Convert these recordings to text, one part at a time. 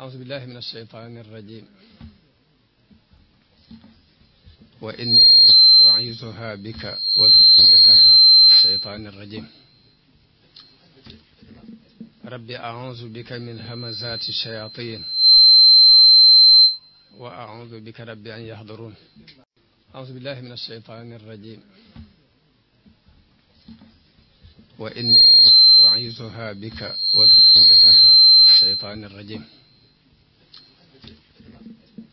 أعوذ بالله من الشيطان الرجيم وإني أعيذها بك وذريتها من الشيطان الرجيم ربي أعوذ بك من همزات الشياطين وأعوذ بك ربي أن يحضرون أعوذ بالله من الشيطان الرجيم وإني أعيذها بك وذريتها من الشيطان الرجيم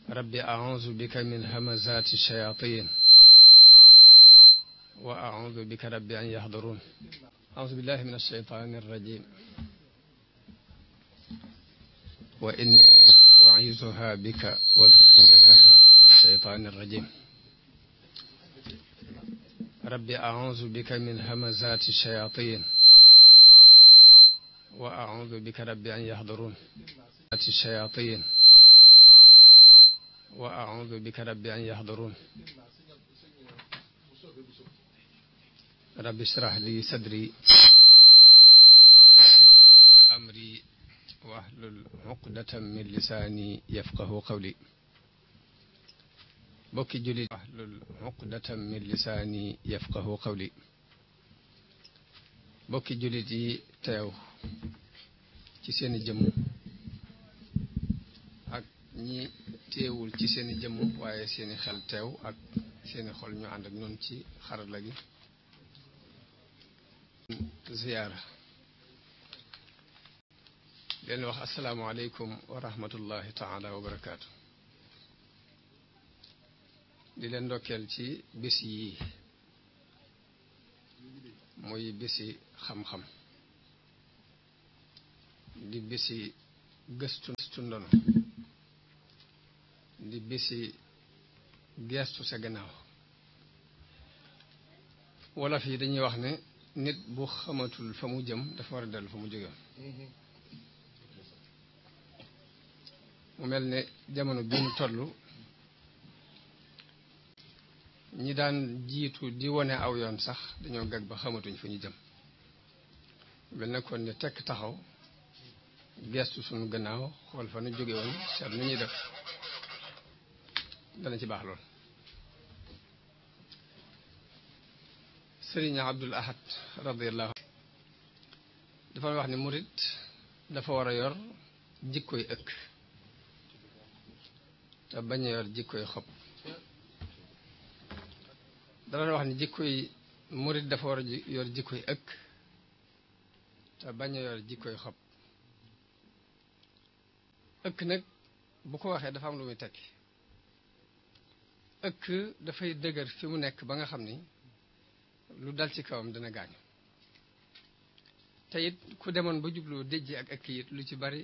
ربي أعوذ بك من همزات الشياطين وأعوذ بك رب أن يحضرون أعوذ بالله من الشيطان الرجيم وإني أعيذها بك وذريتها من الشيطان الرجيم ربي أعوذ بك من همزات الشياطين وأعوذ بك رب أن يحضرون الشياطين وأعوذ بك ربي أن يحضرون رب اشرح لي صدري ويسر أمري وأهل العقدة من لساني يفقه قولي بوكي جولي واحلل العقدة من لساني يفقه قولي بوكي جولي تاو تسيني سيني ñi teewul ci seen jëm jëmm waaye seen xel teew ak seen xol ñu ànd ak noonu ci xarala gi ziyaara leen wax asalaamaaleykum wa rahmatullahi taala wa barakaatu di leen ndokkeel ci bis yi muy bisi xam-xam di bisi gëstu gëstu ndono di bisi geestu sa gannaaw wolof yi dañuy wax ne nit bu xamatul fa mu jëm dafa war a dellu fa mu jóge mu mel ni jamono bi mu toll ñi daan jiitu di wone aw yoon sax dañoo gag ba xamatuñ fu ñu jëm mel nekkoon kon ne tekk taxaw geestu suñu gannaaw xool fa nu jóge woon seet nu ñuy def dana ci baax lool sëriñ abdul ahad radiallahu dafa wax ni murit dafa war a yor jikkoy ëkk te bañ a yor jikkoy xob dana wax ni jikkoy murit dafa war a yor jikkoy ëkk te bañ a yor jikkoy xob ëkk nag bu ko waxee dafa am lu muy tekki ëkk dafay dëgër fi mu nekk ba nga xam ni lu dal ci kawam dana gaañu te it ku demoon ba jubloo déjji ak ëkk it lu ci bari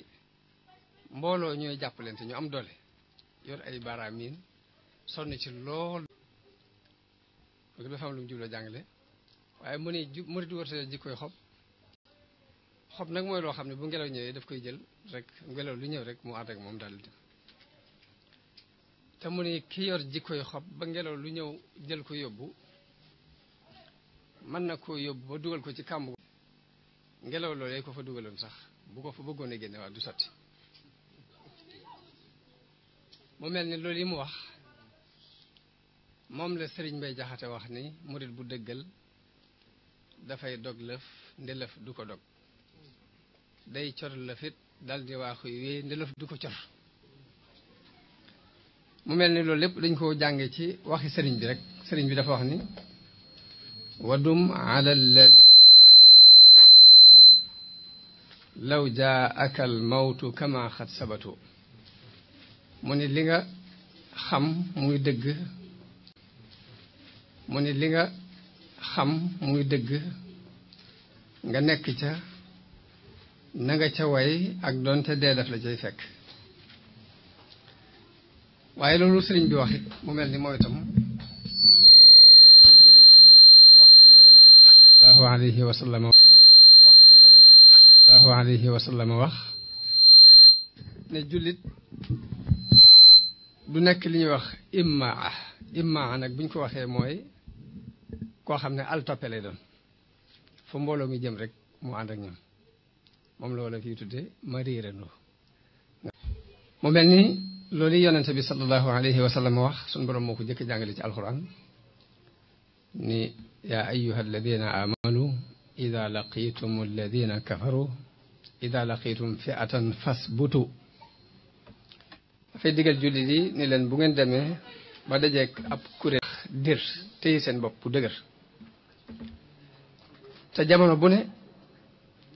mbooloo ñooy jàppalante ñu am doole yor ay baaraam baaraamiin sonn ci lool loolu dafa am lu mu jubloo jàngale waaye mu ne ju murid wërta jikkoy xob xob nag mooy loo xam ne bu ngelaw ñëwee daf koy jël rek ngelaw lu ñëw rek mu ànd moom daal di te mu ne ki yor jikkoy xob ba ngelaw lu ñëw jël ko yóbbu mën na koo yóbbu ba dugal ko ci kàmb ngelaw loolee ko fa dugaloon sax bu ko fa bëggoon a génne du sotti mu mel ni loolu yi mu wax moom la sëriñ Mbay Jaxate wax ni murit bu dëggal dafay dog lëf ndelëf du ko dog day cor lëfit daldi waaxuy wéy ndelëf du ko cor mu mel ni loolu lépp dañ koo jànge ci waxi sëriñ bi rek sëriñ bi dafa wax ni wadum ala alladi law jaa akal mawtu kama xat mu ni li nga xam muy dëgg mu ni li nga xam muy dëgg nga nekk ca na nga ca way ak doonte dee daf la cay fekk waaye loolu sëriñ bi wax mu mel ni mooy tam daf ko jëlee ci wax ji yonent bi sallallahu alayhi wax ji yonent ne jullit du nekk li ñuy wax immaa immaa nag bu ñu ko waxee mooy koo xam ne al lay doon fu mbooloo mi jëm rek mu ànd ak ñoom moom la wala fii tudde ma réerandoo mu mel ni loolu yonente bi sallallahu alayhi wa wax suñu borom moo ko jëkk jàngale ci alquran ni yaa ayuha alladina amanu ida laqitum alladina kafaru ida laqitum fiatan fasbutu dafay digal jullit yi ni leen bu ngeen demee ba dajeek ab kuréel dir téye seen bopp bu dëgër te jamono bu ne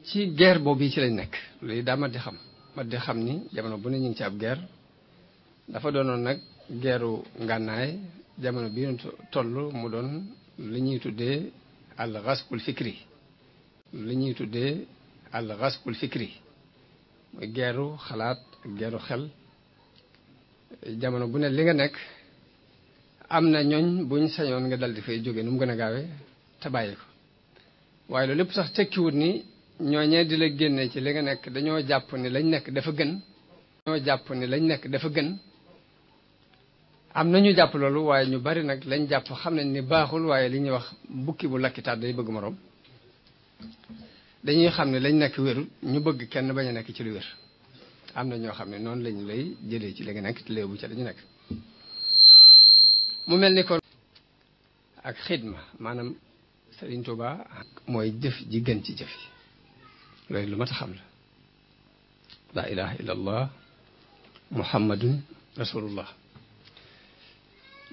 ci guerre boo yi ci lañ nekk loolu daa mat di xam mat di xam ni jamono bu ne ñu ci ab guerre dafa doonoon nag geeru ngànnaay jamono bii ñu mu doon li ñuy tuddee al xaskul fikri li ñuy tuddee al xaskul fikri geeru xalaat geeru xel jamono bu ne li nga nekk am na ñooñ buñ sañoon nga dal di fay jóge nu mu gën a gaawe te bàyyi ko waaye loolu lépp sax tekkiwut ni ñooñee di la génne ci li nga nekk dañoo jàpp ni lañ nekk dafa gën ñoo jàpp ni lañ nekk dafa gën am na ñu jàpp loolu waaye ñu bari nag lañ jàpp xam nañ ni baaxul waaye li ñuy wax bukki bu lakkitaat day bëgg moroom dañuy xam ne lañ nekk wérul ñu bëgg kenn bañ a nekk ci lu wér am na ñoo xam ne noonu lañ lay jëlee ci li nag nekk te bu ca dañu nekk mu mel ni kon ak xidma maanaam Sëriñ Tuuba mooy jëf ji ci jëf yi lu ma a xam la laa ilaha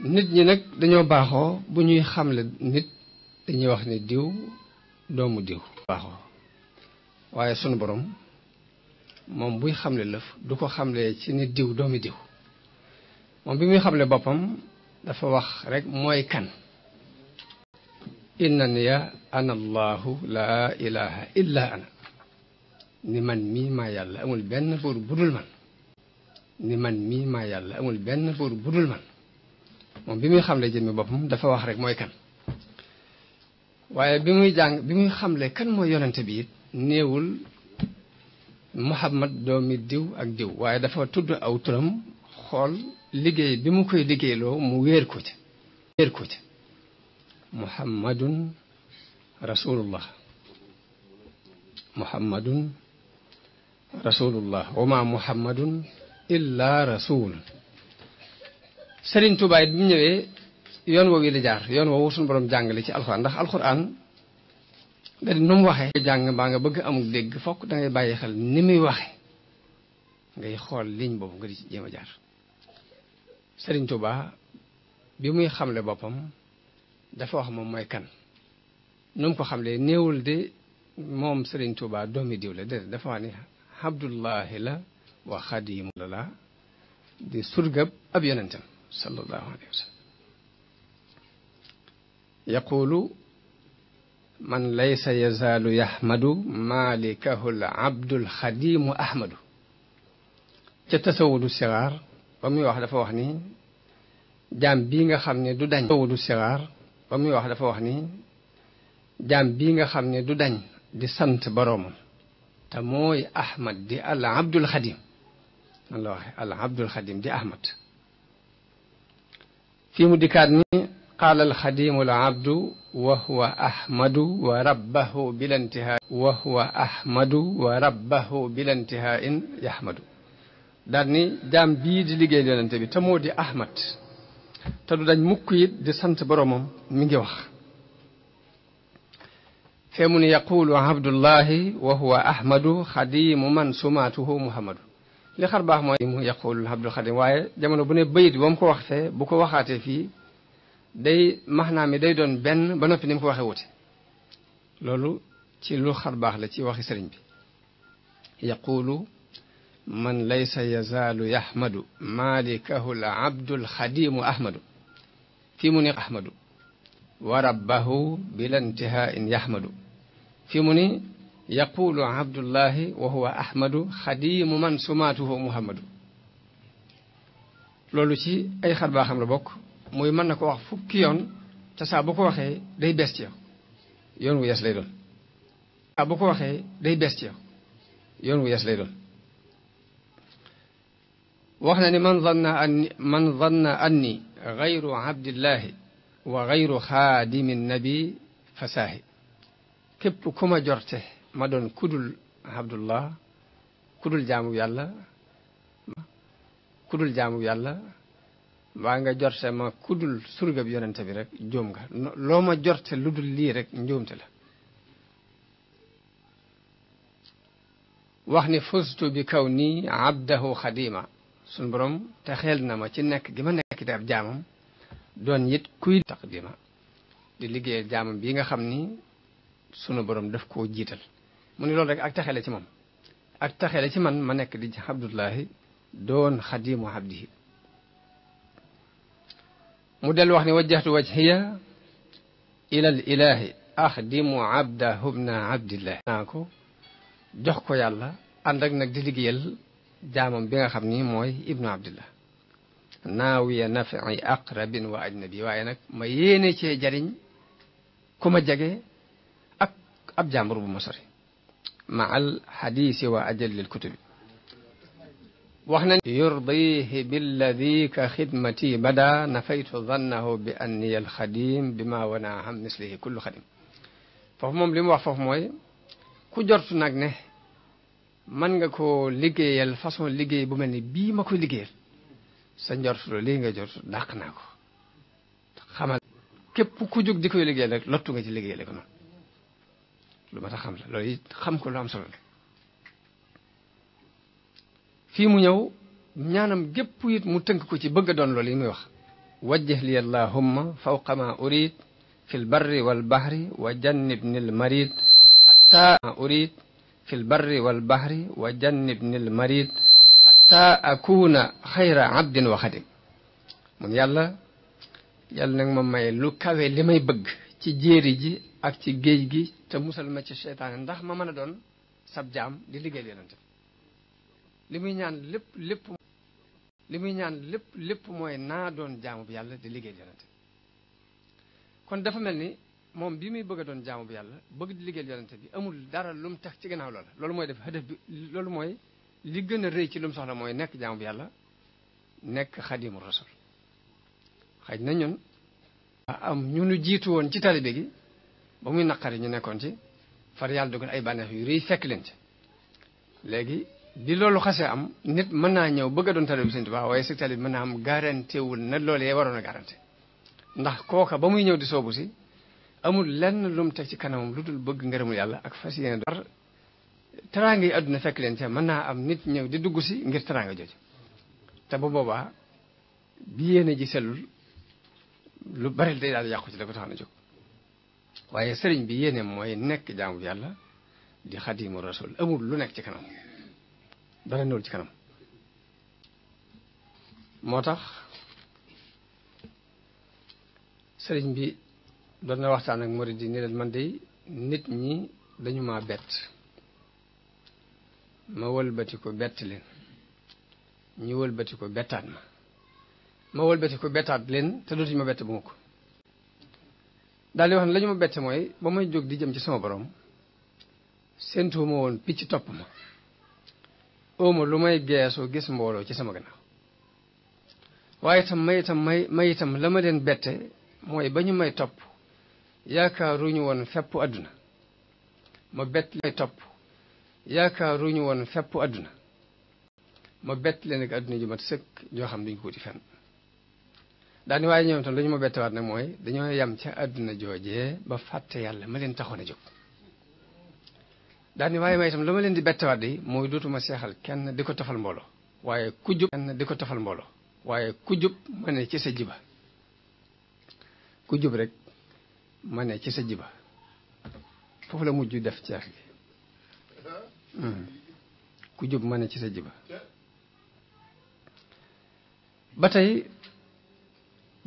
nit ñi nag dañoo baaxoo bu ñuy xamle nit dañuy wax ni diw doomu diw baaxoo waaye sunu borom moom buy xamle lëf du ko xamle ci ne diw doomi diw moom bi muy xamle boppam dafa wax rekk mooy kan innaniya ana allahu laa ilaha illa ana ni man mii maa yàlla amul benn buur budul man ni man mii maa yàlla amul benn buur budul man mom bi muy xamle jëmmi boppam dafa wax rek moy kan waye bi muy jàng bi muy xamle kan moy yonente bi néwul muhammad domi diw ak diw waye dafa tuddu aw turam xol liggéey bi mu koy liggéey lo mu wër ko ci wër ko ci muhammadun rasulullah muhammadun rasulullah wa ma muhammadun illa rasul Serigne Touba it bi mu ñëwee yoon woowu la jaar yoon woowu suñu borom jàngale ci alxuraan ndax alxuraan da di nu waxee. jàng baa nga bëgg amul dégg fokk da ngay bàyyi xel ni muy waxee ngay xool liñ boobu nga di ci jéem a jaar sëriñ Touba bi muy xamle boppam dafa wax moom mooy kan nu mu ko xamlee néewul de moom sëriñ Touba doomi diw la déedéet dafa wax ni Abdullahi la wa xadimu la di surgab ab yonentam صلى الله عليه وسلم يقول من ليس يزال يحمد مالكه العبد الخديم أحمد تتسود الصغار ومي واحد فوحني جام بيغا خامني دو داñ تتسود الصغار ومي واحد فوحني جام بيغا خامني دو داñ دي سانت بروم تا موي احمد دي العبد الخديم الله العبد الخديم دي احمد fii mu dikkaat ni qaala alxadimu alabdu wa huwa ahmadu wa rabbahu bila intihaa wa huwa ahmadu wa rabbahu bila intihaa in yahmadu daal ni jaam bii di liggéey yonente bi te moo di ahmad te du dañ mukk it di sant boromam mi ngi wax fee mu ne yaqulu abdullahi wa huwa ahmadu xadimu man sumaatuhu muhammadu li xar baax mooy mu yaqul Abdul Xadim waaye jamono bu ne bayit ba ko wax fee bu ko waxaatee fii day maxnaa mi day doon benn ba noppi ni mu ko waxee wute loolu ci lu xar baax la ci wax sëriñ bi yaqulu man laysa yazaalu yahmadu malikahu l abdul xadimu ahmadu fii mu ni ahmadu wa rabbahu bila intihaa in yahmadu mu ni يقول عبد الله وهو أحمد خديم من سماته محمد لولو شي أي خبر خم لبوك موي من نكو وقفو يون وخي دي بستيا يون ويس ليدون بكو وخي دي بيستيو يون ويس ليدون وخنا من ظن أن من ظن أني غير عبد الله وغير خادم النبي فساهي كبت كما جرته ma doon kudul abdullah kudul jaamu yàlla kudul jaamu yàlla mbaa nga jorte ma kudul surga bi yonente bi rek njóom nga loo ma jorte lu dul lii rek njóomte la wax ni fustu bi kaw nii abdahu xadima sunu borom te xel na ma ci nekk gi ma nekk te ab jaamam doon it kuy taqdima di liggéeyal jaamam bii nga xam ni sunu borom daf koo jiital mu ni loolu rek ak taxale ci moom ak taxale ci man ma nekk di abdullahi doon xadimu abdihi mu del wax ni wajjahtu wajhiya ila al ilahi axdimu abdahu bna abdillahi naa ko jox ko yàlla ànd ak nag di liggéeyal jaamam bi nga xam ni mooy ibnu abdillah naawiya nafi aqrabin wa ajnabi waaye nag ma yéene cee jariñ ku ma jege ak ab jàmbur bu ma sori مع الحديث وأجل الكتب وحنا يرضيه بالذي كخدمتي بدا نفيت ظنه بأني الخديم بما ونا هم مثله كل خدم فهم لم وفه موي كجرت نغنه من نغا كو ليغي الفاسون ليغي بو ملني بي ماكو ليغي سا نجرت لي جرت داخناكو خمال كيب كو ديكو ليغي لك لوتو نغا سي لك lu mata xam la loy xam ko lu am solo fi mu ñëw ñaanam gep it mu teunk ko ci bëgg doon loolu muy wax wajjah li allahumma fawqa ma urid al-barri wal-bahri al-marid hatta urid المريض حتى أريد في البر والبحر al-marid hatta akuna khayra 'abdin wa khadim mun yalla yalla nak ma may lu kawé limay bëgg ci jéri ji ak ci géej gi te musal ma ci seytaane ndax ma mën a doon sab jaam di liggéeyal yonent bi li muy ñaan lépp lépp li muy ñaan lépp lépp mooy naa doon jaamu bu yàlla di liggéeyal yonent bi kon dafa mel ni moom bi muy bëgg doon jaamu bu yàlla bëgg di liggéeyal yonent bi amul dara lu mu tex ci gannaaw loola loolu mooy def hadaf bi loolu mooy li gën a rëy ci lu mu soxla mooy nekk jaamu bu yàlla nekk xadimu rasul xaj na ñun am ñu nu jiitu woon ci talibe gi ba muy naqari ñu nekkoon ci far yàlla dogal ay bànneex yu rëy fekk leen ci léegi di loolu xasee am nit mën naa ñëw bëgg a doon talib Sëñ Tuubaa waaye sëg mën naa am garanté na loolu waroon a garanté ndax kooka ba muy ñëw di soobu si amul lenn lu mu teg ci kanamam lu dul bëgg ngërëmul yàlla ak fas yéene dar teraanga yi àdduna fekk leen ci mën naa am nit ñëw di dugg si ngir teraanga jooju te bu boobaa bi yéene ji sellul lu bari de daal yàqu ci la ko tax na jóg waaye sëriñ bi yéene mooy nekk jaamu yàlla di xadimu rasul amul lu nekk ci kanam dara newul ci kanam moo tax sëriñ bi doon na waxtaan ak murid yi ni leen man de nit ñi dañu ma bett ma wëlbati ko bett leen ñu wëlbati ko bettaat ma ma wëlbati ko bettaat leen te dootuñu ma bett bu ma ko daal di wax ne la ma bette mooy ba may jóg di jëm ci sama borom séentuwuma woon picc topp ma óoma lu may geesu gis mbooloo ci sama gannaaw waaye itam may itam may itam la ma leen bette mooy ba ñu may topp yaakaaruñu woon fepp àdduna ma bett leen may topp yaakaaruñu woon fepp àdduna ma bett leen ak àdduna ju mat sëkk joo xam duñ ko wuti fenn daani waaye ñoom itam la ñu ma bettewaat nag mooy dañoo yam ca àdduna joojee ba fàtte yàlla ma leen taxoon a jóg daani waaye may tam la ma leen di bettewaat di mooy dootuma seexal kenn di ko tofal mbooloo waaye ku jub kenn di ko tofal mbooloo waaye ku ma ne ci sa jiba ku jub rek ma ne ci sa jiba foofu la mujj def ceex gi hmm. ku jub ma ne ci sa jiba ba tey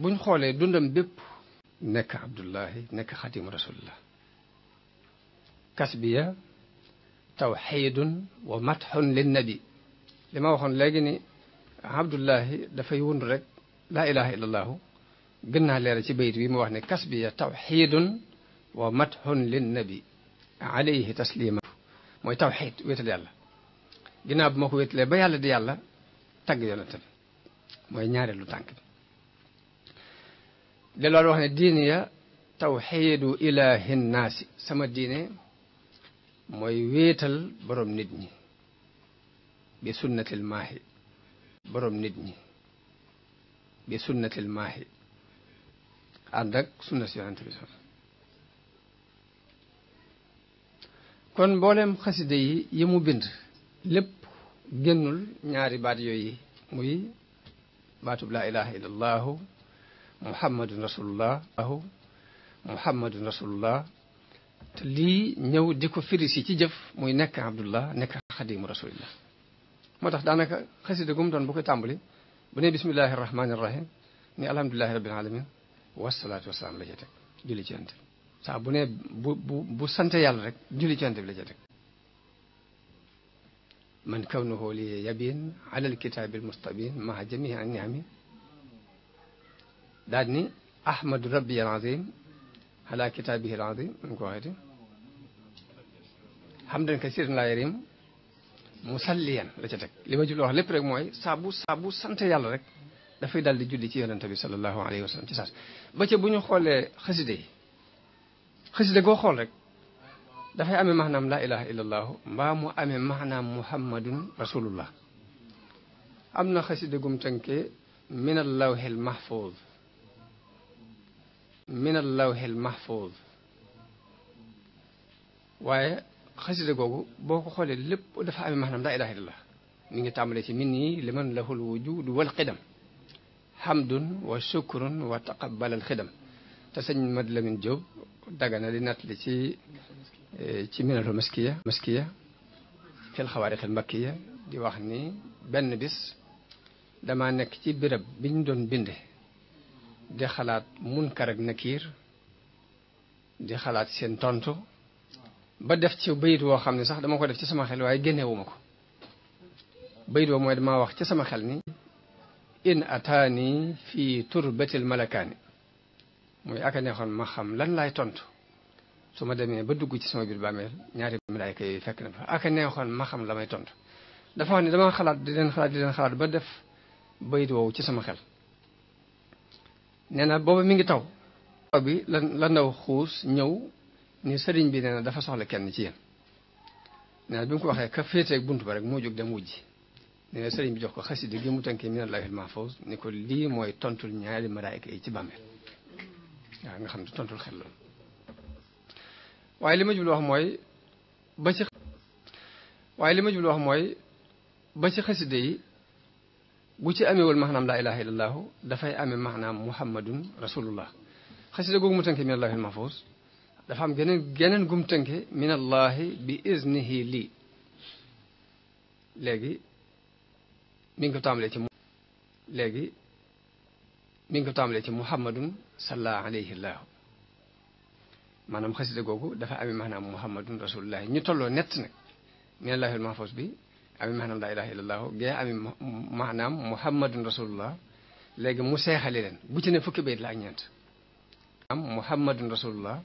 buñ xoolee dundam bépp nekk abdullahi nekk xatim rasulillah kasbiya tawxidun wa matxun linnabi li ma waxoon léegi ni abdullahi dafay wund rek laa ilaha illa allahu naa leera ci bayit bi ma wax ne kasbiya tawxidun wa matxun linnabi alayhi taslima mooy tawxid wéetal yàlla ginnaaw bi ma ko wéetalee ba yàlla di yàlla tagg yonente bi ñaareelu tànk da loolu wax ne diine ya tawxiidu ilaahi sama diine mooy wéetal borom nit ñi bi sunnatil maahi borom nit ñi bi sunnatil maahi ànd ak sunna kon mboolem xasida yi mu bind lépp génnul ñaari baat yooyu muy baatub la ilaha illa allahu محمد رسول الله أهو محمد رسول الله تلي نيو ديكو فيريسي تي جيف موي نيك عبد الله نيك خديم رسول الله موتاخ دانكا خسي دغوم دون بوكو تامبلي بني بسم الله الرحمن الرحيم ني الحمد لله رب العالمين والصلاه والسلام لجي تك جولي تيانت سا بو ني بو سانتي يالا رك جولي تيانت لجي تك من كونه لي يبين على الكتاب المستبين مع جميع النعم daal ni ahmadu rabbi al azim ala kitaabihi al azim nu yarim musalliyan la ca li ma jublu wax lépp rek mooy saabu saabu sant yàlla rek dafay dal di julli ci yonente bi sallallahu alayhi wa sallam ci saas ba bu ñu xoolee xaside yi xaside goo xool rek dafay amee maanaam laa ilaha illa allahu mbaa mu amee maanaam muhammadun rasulullah am na xaside gum tënkee min allawhil mahfuz من اللوح المحفوظ واي خسيت غوغو بوكو خولي لب دفع ابي مهنم لا اله الا الله نيغي تاملي سي مني لمن له الوجود والقدم حمد وشكر وتقبل الخدم تسن مدلمين جوب دغنا لي ناتلي سي سي إيه، من المسكية مسكية في الخوارق المكية دي واخني بن بس دما نك سي برب بين دون بنده di xalaat munkar ak nakiir di xalaat seen tontu ba def ci bayit woo xam ne sax dama ko def ci sama xel waaye génnewuma ko bayit mooy dama wax ci sama xel ni in ataani fi turbatil malakaani muy aka neexoon ma xam lan laay tontu su ma demee ba dugg ci sama biir bàmmeel ñaari malaayka yooyu fekk na fa aka neexoon ma xam la may tontu dafa wax ne dama xalaat di leen xalaat di leen xalaat ba def bayit woowu ci sama xel neena na mi ngi taw taw bi la la ndaw xuus ñëw ni sëriñ bi neena dafa soxla kenn ci yéen neena na bi mu ko waxee ka ak buntu ba rek moo jóg dem wujji neena na sëriñ bi jox ko xasida gi mu tënkee min allahil mahfuz ni ko lii mooy tontul ñaari malaayika yi ci bàmmeel waaw nga xam ne tontul xel loolu waaye li ma jublu wax mooy ba ci waaye li ma jublu wax mooy ba ci xasida yi bu ci amewul maanaam laa ilaha illallah dafay amee maanaam muhammadun rasulullah xasida googu mu tënke min allahi almahfuz dafa am geneen geneen gum tënke min allahi bi iznihi lii léegi mi ngi ko tàmbalee ci léegi mi ngi ko tàmbalee ci muhammadun salla alayhi llah maanaam xasida googu dafa amee maanaam muhammadun rasulullah ñu tolloo nett nag min allahi almahfuz bi ami maanaam laa ilaha illallahu gee ami maanaam muhammadun rasulullah léegi mu seexale leen bu ci ne fukki bayit la ak ñeent am muhammadun rasulullah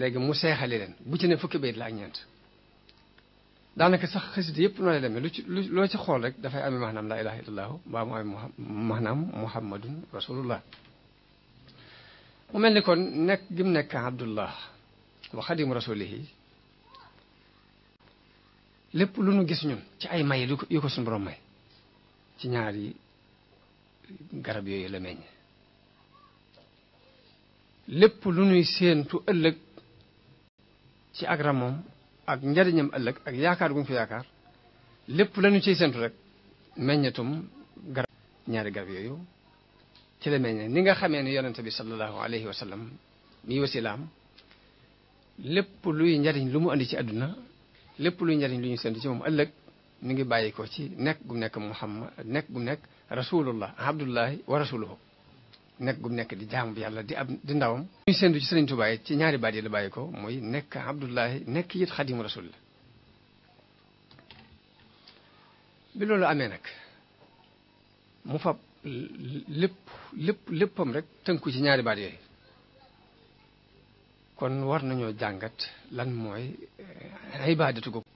léegi mu seexale leen bu ci ne fukki bayit la ak ñeent daanaka sax xasida yépp noo lay demee lu ci lu loo ci xool rek dafay ami maanaam laa ilaha illallahu mbaa mu ami maanaam muhammadun rasulullah mu mel ni kon nekk gim nekk abdullah wa xadim rasulihi lépp lu nu gis ñun ci ay may yu ko suñu borom may ci ñaari garab yooyu la meññ lépp lu nuy séentu ëllëg ci ak ramoom ak njariñam ëllëg ak yaakaar gu ñu fi yaakaar lépp lañu ciy séentu rek meññatum garab ñaari garab yooyu ci la meññe ni nga xamee ni yonente bi sallallahu alayhi wa sallam mii wasilaam lépp luy njariñ lu mu andi ci àdduna lépp luy njariñ lu ñu séntu ci moom ëllëg mu ngi bàyyi ko ci nekk gu nekk muhammad nekk gum nekk rasulullah abdullahi wa rasuluhu nekk gum nekk di jaamu yàlla di ab di ndawam luñu séntu ci sëriñ Tuubaa ci ñaari baat yi la bàyyi ko muy nekk abdullahi nekk it xadimu rasulillah bi loolu amee nag mu fab lépp lépp léppam rek tënku ci ñaari baat yooyu kon war nañoo jàngat lan mooy eh, ibaadatu googu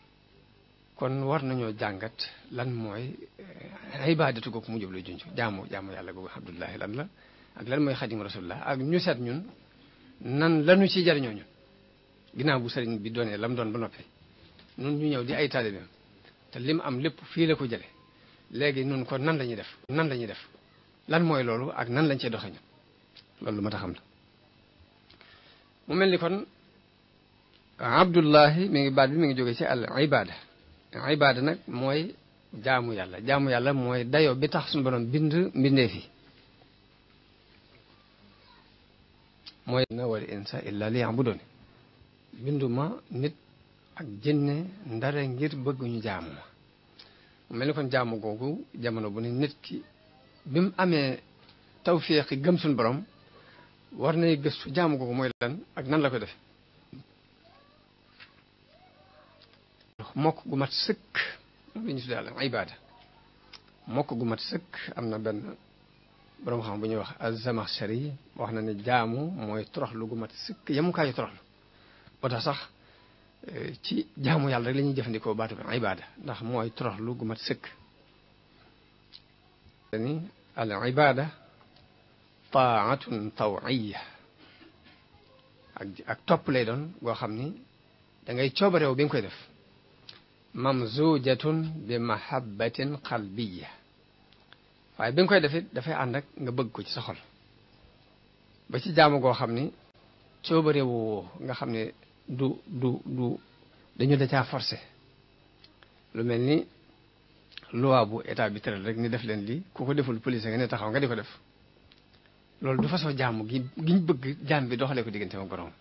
kon war nañoo jàngat lan mooy eh, ibaadatu googu mu jublu junj jaamu jaamu yàlla googu alhamdulilahi lan la ak lan mooy xadim rasulullah ak ñu seet ñun nan lanu ci jariñoo ñun ginnaaw bu sëriñ bi doonee lam doon ba noppee nun ñu ñëw di ay taalibeem te li mu am lépp fii la ko jële léegi nun ko nan la ñuy def nan la def lan mooy loolu ak nan lañ cee doxe loolu lu ma taxam la mu mel ni kon abdullahi mi ngi baat bi mi ngi joge ci al ibada ibada nag mooy jaamu yàlla jaamu yàlla mooy dayo bi tax suñu borom bind mbindee fi mooy na wal insa illa li ya'budun binduma nit ak jinne ndare ngir bëgguñu jaamu ma mu mel ni kon jaamu googu jamono bu ne nit ki bi mu amee tawféexi gëm suñu borom war nay gëstu jaamu googu mooy lan ak nan la koy defe mokk gu mat sëkk moom la ñu tuddee al ibaada mokk am na benn borom xam bu ñuy wax a az seri wax na ne jaamu mooy troxlu gu mat sëkk yemukaayu toroxlu moo tax eh, ci jaamu yàlla rek la jëfandikoo baatu bi ibaada ndax mooy toroxlu gu mat sëkk. al ibaada taatun tawiya ak ak topp lay doon goo xam ni dangay ngay bi nga koy def mamzujatun bi mahabbatin qalbiya waaye bi nga koy defit dafay ànd ak nga bëgg ko ci sa ba ci jaamu goo xam ni coobareewoo nga xam ne du du du dañu da caa forcé lu mel ni loi bu état bi tëral rek ni def leen lii ku ko deful police nga ne taxaw nga di ko def loolu du façon jaamu gi gi ñu bëgg jaam bi doxalee ko diggante ma borom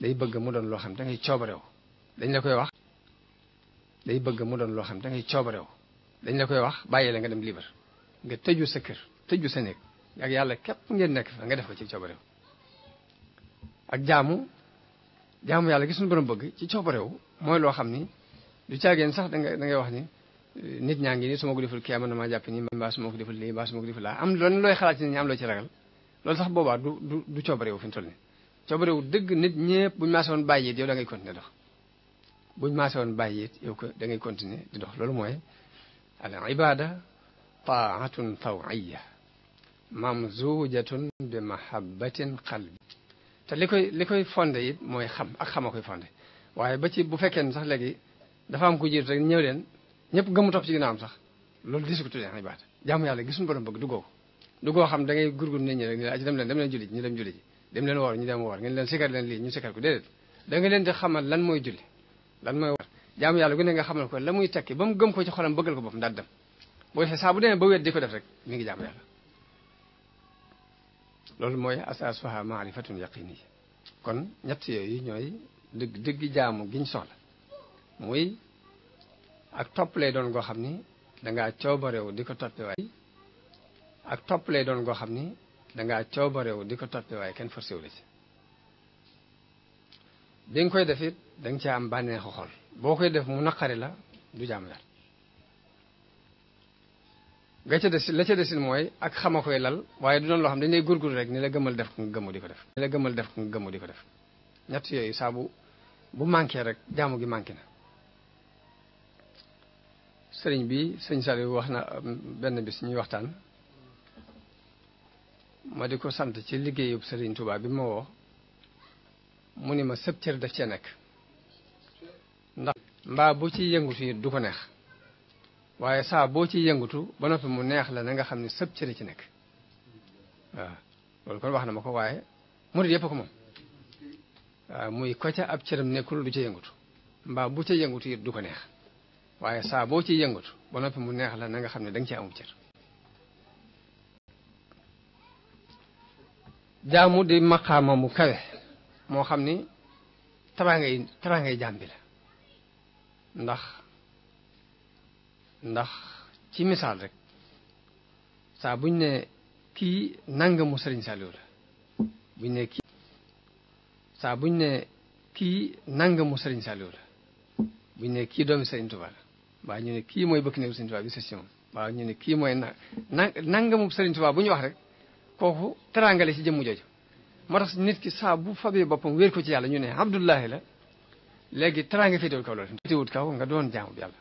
day bëgg mu doon loo xam da ngay coobarew dañ la koy wax day bëgg mu doon loo xam da ngay coobarew dañ la koy wax bàyyi la nga dem libar nga tëju sa kër tëju sa néeg ak yàlla képp ngeen nekk fa nga def ko ci coobarew ak jaamu jaamu yàlla gi suñu borom bëgg ci coobarew mooy loo xam ni du caageen sax da nga ngay wax ni nit ñaa ngi ni su ma ko deful kii amoon na maa jàpp ni mbaa su deful lii mbaa su deful laa am loolu looy xalaat ci am loo ci ragal loolu sax boobaa du du du coobarewu fi mu toll nii coobarewu dëgg nit ñëpp buñu maase woon bàyyi it yow da ngay continuer dox buñu maase woon bàyyi it yow ko da ngay continuer dox loolu mooy al ibada taatun tawiya mamzujatun bi mahabbatin qalbi te li koy li koy fonde it mooy xam ak xam koy fonde waaye ba ci bu fekkee ne sax léegi dafa am ku jiitu rek ñëw leen ñëpp gëmu topp ci am sax loolu di ko tuddee ibaada jaamu yàlla gisuñu borom bëgg duggoo ko duggoo xam da ngay gurgur nit ñi rek ne aji dem leen dem leen julli ñu dem julli ji dem leen woor ñu dem woor di xamal lan mooy julli lan mooy woor jaamu yàlla gu nga xamal ko la muy tekki ba mu gëm ko ci xolam bëggal ko boppam daal dem boo defee saa bu demee ba wéet di ko def rek mi ngi jaamu yàlla loolu mooy asasuha maarifatun yaqini kon ñett yooyu ñooy dëgg dëgg jaamu giñ soxla muy ak topp lay doon goo xam ni dangaa coobarewu di ko toppe waaye ak topp lay doon goo xam ni dangaa coobarewu di ko toppe waaye kenn forcéwu la ci bi nga koy def danga ci am bànneexu xol boo koy def mu naqari la du jaamu yàlla ga ca des la ca desin mooy ak xama koy lal waaye du doon loo xam dañ lay gurgur rek ni la gëmal def ko nga gëmu di ko def ni gëmal def ko di ko def ñett yooyu saabu bu manqué rek jàmm gi manqué na sëriñ bi sëñ Saliou wax na um, benn bis ñuy waxtaan ma di ko sant ci liggéeyub sëriñ Touba bi ma woo mu ni ma sëb cër daf cee nekk ndax mbaa boo ci yëngutu yi du ko neex waaye saa boo ciy yëngutu ba noppi mu neex la na nga xam ne sëb cër ci nekk loolu kon wax na ma ko waaye murid yëpp ko moom waaw muy ko ca ab cëram nekkul du ci yëngutu mbaa bu ca yëngutu it du ko neex waaye saa boo ciy yëngatu ba noppi mu neex la na xam ne da nga ci amub cër jaamu di maqaama mu kawe moo xam ni tabaa ngay tabaa bi ndax ndax ci misaal rek saa buñ ne kii nanga mu sëriñ Saliou la saa buñ ne kii nanga mu sëriñ Saliou buñ ne kii doomi sëriñ Tuubaa waaye ñu ne kii mooy bëkk néegu Sëriñ Tuubaa bi sës ci moom ñu ne kii mooy na na nangamu Sëriñ Tuubaa bu ñu wax rek kooku terangale ci jëmm jooju moo tax nit ki saa bu fabee boppam wéer ko ci yàlla ñu ne Abdullahi la léegi teranga féetewul kaw loolu féetewul kaw nga doon jaamu bi yàlla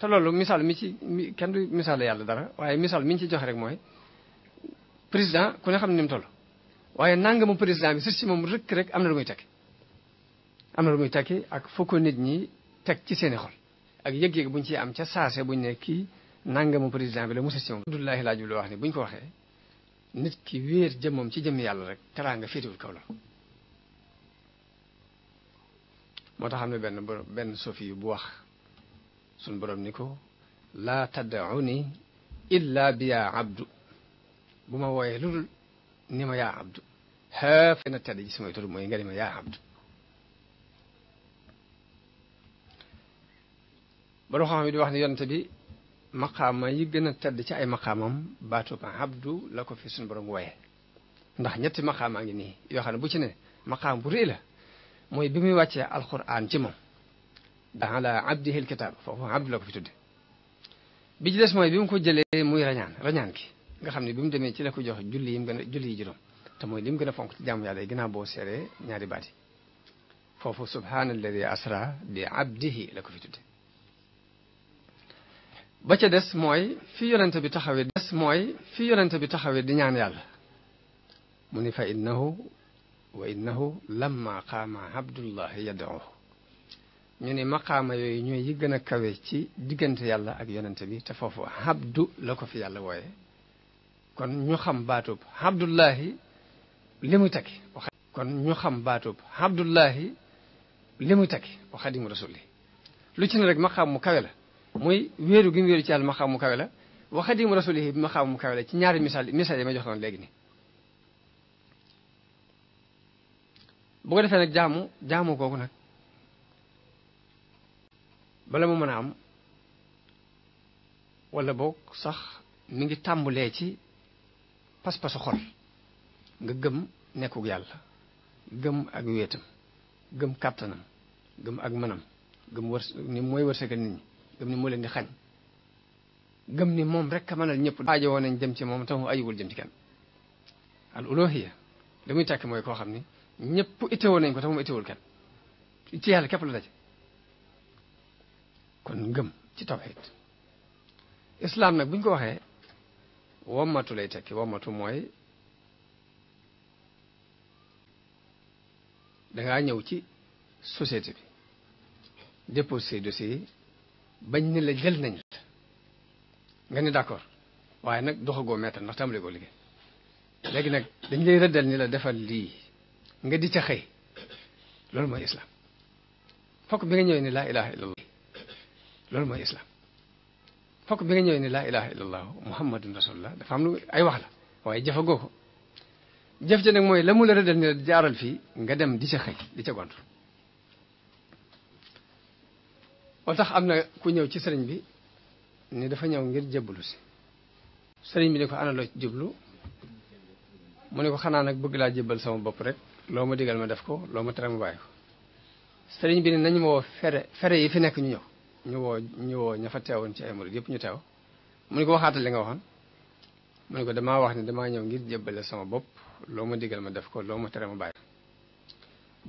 te loolu misaal mi ci kenn du misaal yàlla dara waaye misaal mi ñu ci jox rek mooy président ku ne xam ne ni mu toll waaye nangamu président bi sës ci moom rëkk rek am na lu muy tekki am muy tekki ak foo nit ñi teg ci seeni xol ak yëg bu ñu ci am ca saase buñ ne kii nangamu président bi la musa si moom abdullahi laajub la wax ni buñ ko waxee nit ki wéer jëmmam ci yàlla rek teraanga féetewul kaw la moo tax xam ne benn benn sofi bu wax suñ borom ni ko laa tad'uni illa bi yaa abdu bu ma wooyee ludul ni ma ya abdu xaafena tedd ji samay tur mooy nga di ma yaa abdu borom xam-xam yi di wax ne yonent bi maqaama yi gën a tedd ci ay maqaamam baatub abdu la ko fi suñu borom wooye ndax ñetti maqaamaa ngi nii yoo xam ne bu ci ne maqaam bu rëy la mooy bi muy wàccee alquran ci moom ala abdihi alkitab foofu abdu la ko fi tudde bi mooy bi mu ko jëlee muy rañaan rañaan ki nga xam ne bi mu demee ci la ko jox julli yi gën a julli juróom te mooy li mu gën a fonk ci jaamu yàlla yi ginnaaw boo seeree ñaari baat yi foofu subhaanalladi asra bi abdihi la ko ba ca des mooy fi yonente bi taxawee des mooy fi bi taxawee di ñaan yàlla mu ni fa innahu wa innahu lamma qaama abdullahi yad'u ñu ni maqaama yooyu ñu yi gën a kawe ci diggante yàlla ak yonente bi te foofu habdu la ko fi yàlla wooye kon ñu xam baatub abdullahi li muy tekki kon ñu xam baatub abdullahi li muy tekki wa xadimu rasuli lu ci ne rek maqaam mu kawe la mooy wéeru gi mu wéeru ci yàlla maqaam mu kawe la wa xadimu rasulihi bi maqaam mu kawe la ci ñaari misaal misaal yi ma joxoon léegi ni bu ko defee nag jaamu jaamu kooku nag bala mu mën a am wala boog sax mu ngi tàmbulee ci pas-pasu xol nga gëm nekkug yàlla gëm ak wéetam gëm kàttanam gëm ak mënam gëm wër ni mooy wërsëgal nit ñi gëm ni moo leen di xañ gëm ni moom rek a mënal ñëpp aajo woon nañ jëm ci moom tamu ayiwul jëm ci kenn al uluhiya li muy tekk mooy koo xam ni ñëpp ittewoon nañ ko tamu ittewul kenn ci yàlla képp la kon ngëm ci tawhid nag bu ko waxee wommatu lay tekki wommatu mooy dangaa ñëw ci société bi déposé dossier yi bañ ni la jël nañ la nga ni d'accord waaye nag doxagoo meetar ndax tàmbali goo liggéey léegi nag dañ lay rëddal ni la defal lii nga di ca xëy loolu mooy islam fokk bi nga ñëwee ni laa ilaha illallah loolu mooy bi nga ñëwee ni laa ilaha illallah muhammadun rasulullah dafa am lu ay wax la waaye jëfagoo ko jëf ja nag mooy la mu la rëddal ni la jaaral fii nga dem di ca xëy di ca gontu moo tax am na ku ñëw ci sëriñ bi ne dafa ñëw ngir jébbalu si sëriñ bi ne ko ana jublu mu ne ko xanaa nag bëgg laa jébbal sama bopp rek loo ma digal ma def ko loo ma tere ma bàyyi ko bi ne nañu ma woo fere fere yi fi nekk ñu ñëw ñu woo ñu woo ña fa teewoon ci ay murid yëpp ñu teew mu ko waxaatal li nga waxoon mu ko damaa wax ne damaa ñëw ngir jébbale sama bopp loo ma digal ma def ko loo ma tere ma bàyyi ko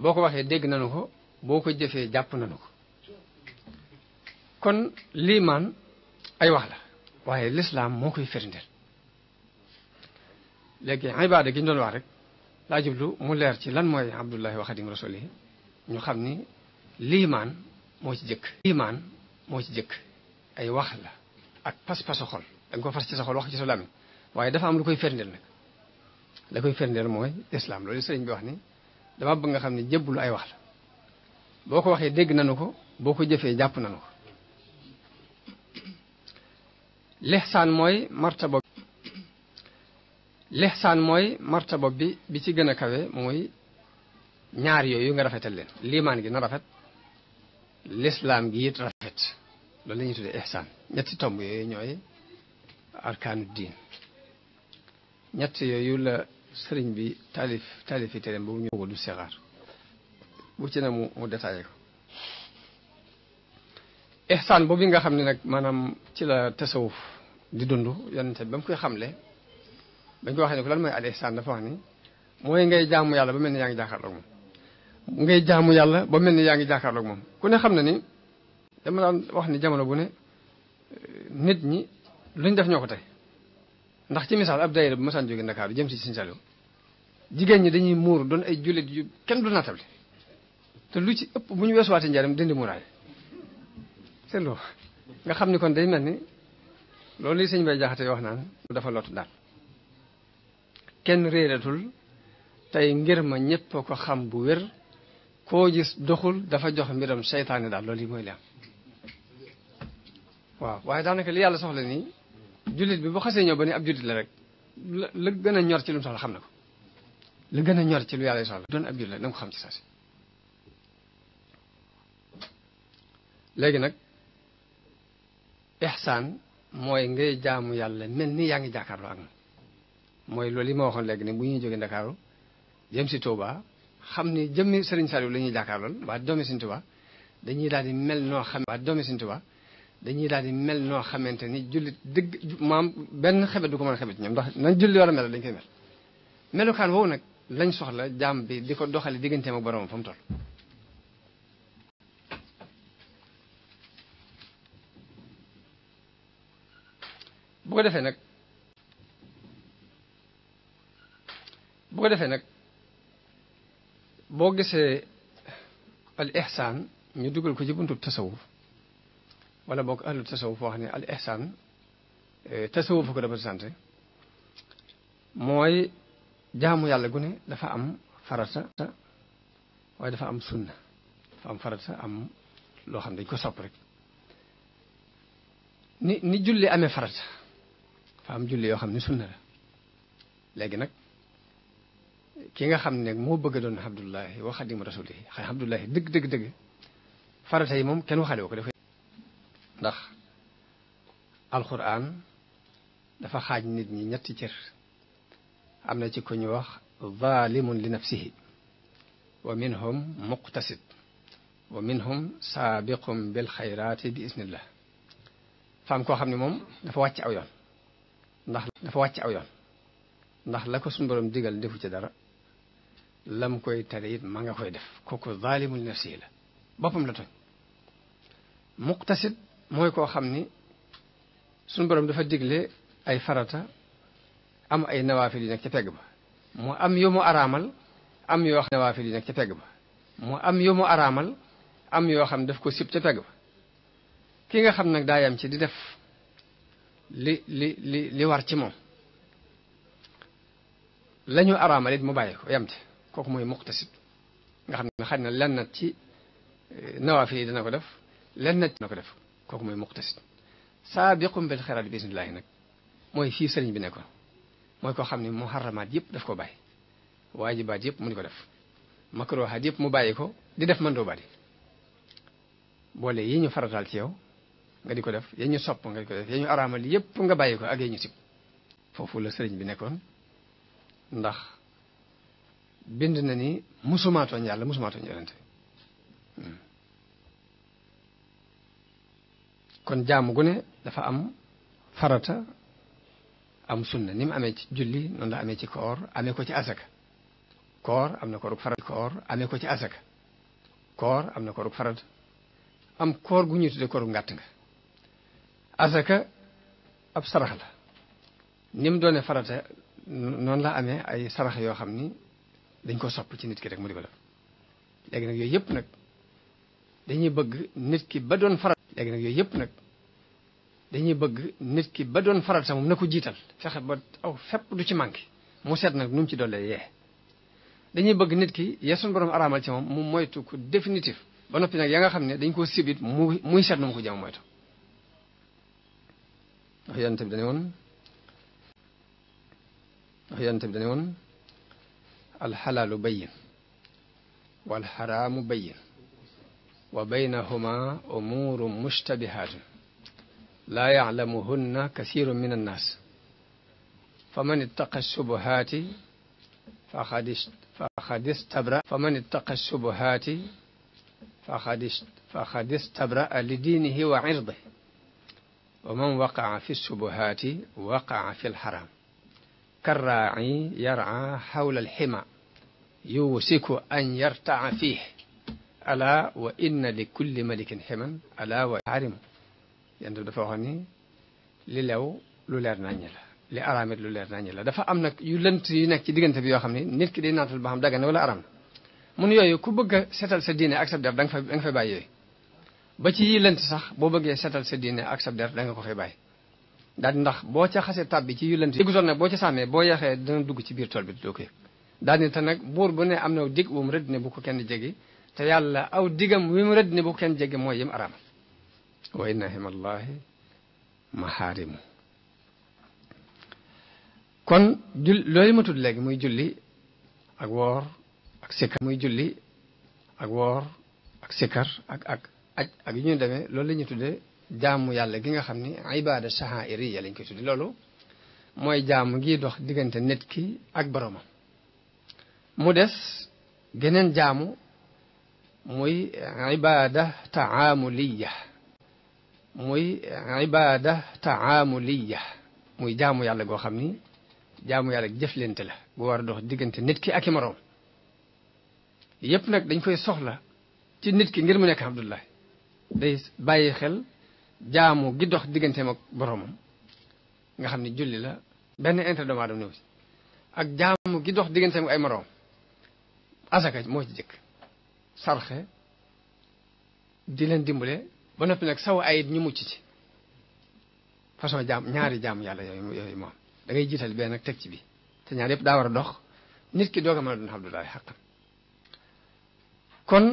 boo ko waxee dégg nanu ko boo ko jëfee jàpp nanu ko kon liimaan ay wax la waaye lislaam moo koy firndeel léegi ibaada gi ñu doon wax rek laa jublu mu leer ci lan mooy abdullahi wa xadim rasuli ñu xam ni liimaan moo ci jëkk liimaan moo ci jëkk ay wax la ak pas-pasu xol da ko fas ci sa xol wax ci sa làmmiñ waaye dafa am lu koy firndeel nag la koy firndeel mooy lislaam loolu sëriñ bi wax ni dama bëgg nga xam ne jëbblu ay wax la boo ko waxee dégg nanu ko boo ko jëfee jàpp nanu ko lixsaan mooy martaba lixsaan mooy martaba bi bi ci gën a kawe mooy ñaar yooyu nga rafetal leen liimaan gi na rafet lislaam gi it rafet loolu la ñuy tuddee ihsaan ñetti tomb yooyu ñooy arkaanu diin ñett yooyu la sëriñ bi taalif taalifi tereem boobu ñu du sixaar bu ci ne mu mu ihsaan boobu nga xam ne nag maanaam ci la tasawuf di dund yan bi ba mu koy xamle ba ñu ko waxee ne lan mooy al ihsaan dafa ni mooy ngay jaamu yàlla ba mel ni yaa ngi jàkkaarloog moom ngay jaamu yàlla ba mel ni yaa ngi jàkkaarloog moom ku ne xam na ni dama daan wax ni jamono bu ne eh, nit ñi lu ñu def ñoo ko tey ndax ci misaal ab daayira bu masaan jóge Ndakaaru jëm si Sëñ Saliou jigéen ñi dañuy muur doon ay jullit yu kenn du naatable te lu ci ëpp bu ñu weesuwaatee njaaram dindi muuraay seetloo nga xam ni kon day mel ni loolu li sëñ bay jaxate wax naan dafa lot daal kenn réeratul tey ngir ma ñépp ko xam bu wér koo gis doxul dafa jox mbiram seytaane daal loolu yi mooy li waaw waaye daanaka li yàlla soxla nii jullit bi bu xasee ñëw ba ni ab jullit la rek ñor ci lu mu soxla xam na ko la gën a ñor ci lu yàlla soxla doon ab jullit la na ko xam ci saa si léegi nag ihsaan mooy ngay jaamu yàlla mel ni yaa ngi jàkkaarloo ak mooy loolu yi ma waxoon léegi ne bu ñuy jógee Ndakaaru jëm si Touba xam ni jëmmi Serigne Saliou la ñuy jàkkaarlool waa doomi Serigne Touba dañuy daal di mel noo xam waa doomi Serigne Touba dañuy daal di mel noo xamante ni jullit dëgg maam benn xebet du ko mën a xebet ñoom ndax nañ julli war a mel dañ koy mel melukaan woowu nag lañ soxla jaam bi di ko doxale digganteem ak boroomam fa mu toll bu ko defee nag bu ko defee nag boo gisee al ihsaan ñu dugal ko ci buntu tasawuf wala boog ahlu tasawuf wax ne al ihsaan tasawuf ko représenté mooy jaamu yàlla gu ne dafa am farata waaye dafa am sunna dafa am farata am loo xam dañ ko sopp rek ni ni julli amee farata fa am julli yoo xam ne sunna la léegi nag ki nga xam ne moo bëgg doon abdullahi wa xadimu rasulihi xay abdullahi dëgg dëgg dëgg farata yi moom kenn waxale ko dafa ndax alquran dafa xaaj nit ñi ñetti cër am na ci ko ñu wax zalimun li nafsihi wa minhum muqtasid wa minhum saabiqum bil xayraati bi isnillah faam koo xam ne moom dafa wàcc aw yoon ndax dafa wàcc aw yoon ndax la ko suñu borom digal defu ci dara lam koy tere it ma nga koy def kooku zalimul nafsi la boppam la toj muqtasid mooy koo xam ni suñu borom dafa digle ay farata am ay nawaafil yi nekk ca pegg ba mu am yu mu araamal am yoo xam nawaafil yi nekk ca pegg ba mu am yu mu araamal am yoo xam daf ko sib ca pegg ba ki nga xam nag daa yam ci di def li li li li war ci moom la ñu araamal it mu bàyyi ko yam ci kooku mooy muqtasid nga xam ne xaj na lenn ci nawaafil yi dana ko def lenn ci dana ko def kooku mooy muqtasid saabiqum bil xayraat bi isnillahi nag mooy fii sëriñ bi nekkoon mooy koo xam ne muharramaat yëpp daf ko bàyyi waajibaat yëpp mu di ko def makruhaat yëpp mu bàyyi ko di def mandoobaat yi boole yi ñu farataal ci yow nga di ko def ya ñu sopp nga di ko def ya ñu araamal yépp nga bàyyi ko ak ya ñu sib foofu la sëriñ bi nekkoon ndax bind na ni musumaa tooñ yàlla musumaa tooñ hmm. kon jaamu gu dafa am farata am sunna ni mu amee ci julli noonu la amee ci koor amee ko ci asaka koor am na koorug farat ko ci asaka koor am na koorug farat am koor gu ñuy tudde koorug ngàtt nga asaka ab sarax la ni mu doone farata noonu la amee ay sarax yoo xam ni dañ ko sopp ci nit ki rek mu di ko yooyu yëpp nag dañuy bëgg nit ki ba doon farat nag yooyu yëpp nag dañuy bëgg nit ki ba doon farat sax moom na ko jiital fexe ba aw fépp du ci manqué mu seet nag nu mu ci dollee yee dañuy bëgg nit ki ya suñu borom araamal ci moom mu moytu ko définitif ba noppi nag ya nga xam ne dañ koo sibit mu muy seet nu mu ko jam moytu أحيانا تبدأون أحيانا تبدأون الحلال بين والحرام بين وبينهما أمور مشتبهات لا يعلمهن كثير من الناس فمن اتقى الشبهات فقد استبرأ فمن اتقى الشبهات فقد فقد استبرأ لدينه وعرضه wa man waqaa fi subuhaati waqaa fi lxaram karraaci yarca xawla alxima yuusiku an yartaca fiih ala wa inna li kulli malikin ximan ala wa xarimu yéen dafa waxoon ni li lew lu leer naññi la li araamet lu leer naññi la dafa am nag yu lënt yu nekk ci diggante bi yoo xam ne nit ki day naatal ba xam dagan na wala araam na mun yooyu ku bëgg a setal sa diine ak sa def da nga fa da nga fa bàyyi yooyu ba ci yi sax boo bëggee setal sa diine ak sa der da nga ko fay bàyyi ndax boo ca xasee tab bi ci yu lënt yi nag boo ca sàmmee boo yeexee dana dugg ci biir tool bi doo ko yëg daal ni te nag buur bu ne am na dig wu mu rëdd ne bu ko kenn jegi te yàlla aw digam wi mu rëdd ne bu ko kenn jegi mooy yim araamal wa inna himallahi mahaarimu kon loolu ma tudd léegi muy julli ak woor muy julli ak woor ak sikkar ak ak aj ak yu ñu demee loolu la ñuy tuddee jaamu yàlla gi nga xam ni ibaada shaa'iriyya lañ koy tudde loolu mooy jaamu gi dox diggante nit ki ak boromam mu des geneen jaamu muy ibaada taamuliya muy ibaada taamuliya muy jaamu yàlla goo xam ni jaamu yàlla jëflante la bu war dox diggante nit ki ak i moroom yépp nag dañ koy soxla ci nit ki ngir mu nekk abdullahi day bàyyi xel jaamu gi dox digganteem ak boromam nga xam ne julli la benn intérêt doomu aadama néew si ak jaamu gi dox digganteem ak ay moroom asaka moo ci jëkk sarxe di leen dimbale ba noppi nag saw ayit ñu mucc ci façon jaam ñaari jaamu yàlla yooyu yooyu moom da ngay jiital benn nag teg ci bi te ñaar yëpp daa war a dox nit ki dooga mën a doon abdoulahi xaqan kon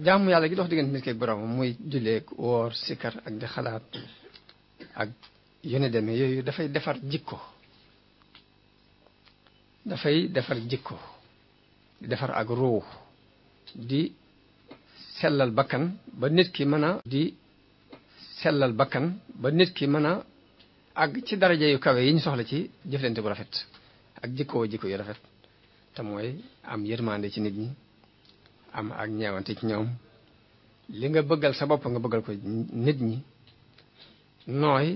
jaamu yàlla gi dox diggante nit ki ak boroomam muy julleeg woor sikkar ak di xalaat ak yone deme demee yooyu dafay defar jikko dafay defar jikko di defar ak ruux di sellal bakkan ba nit ki mën a di sellal bakkan ba nit ki mën a àgg ci daraja yu kawe yi ñu soxla ci jëflante bu rafet ak jikkoo jikko yu rafet te mooy am yërmande ci nit ñi am ak ñeewante ci ñoom li nga bëggal sa bopp nga bëggal ko nit ñi nooy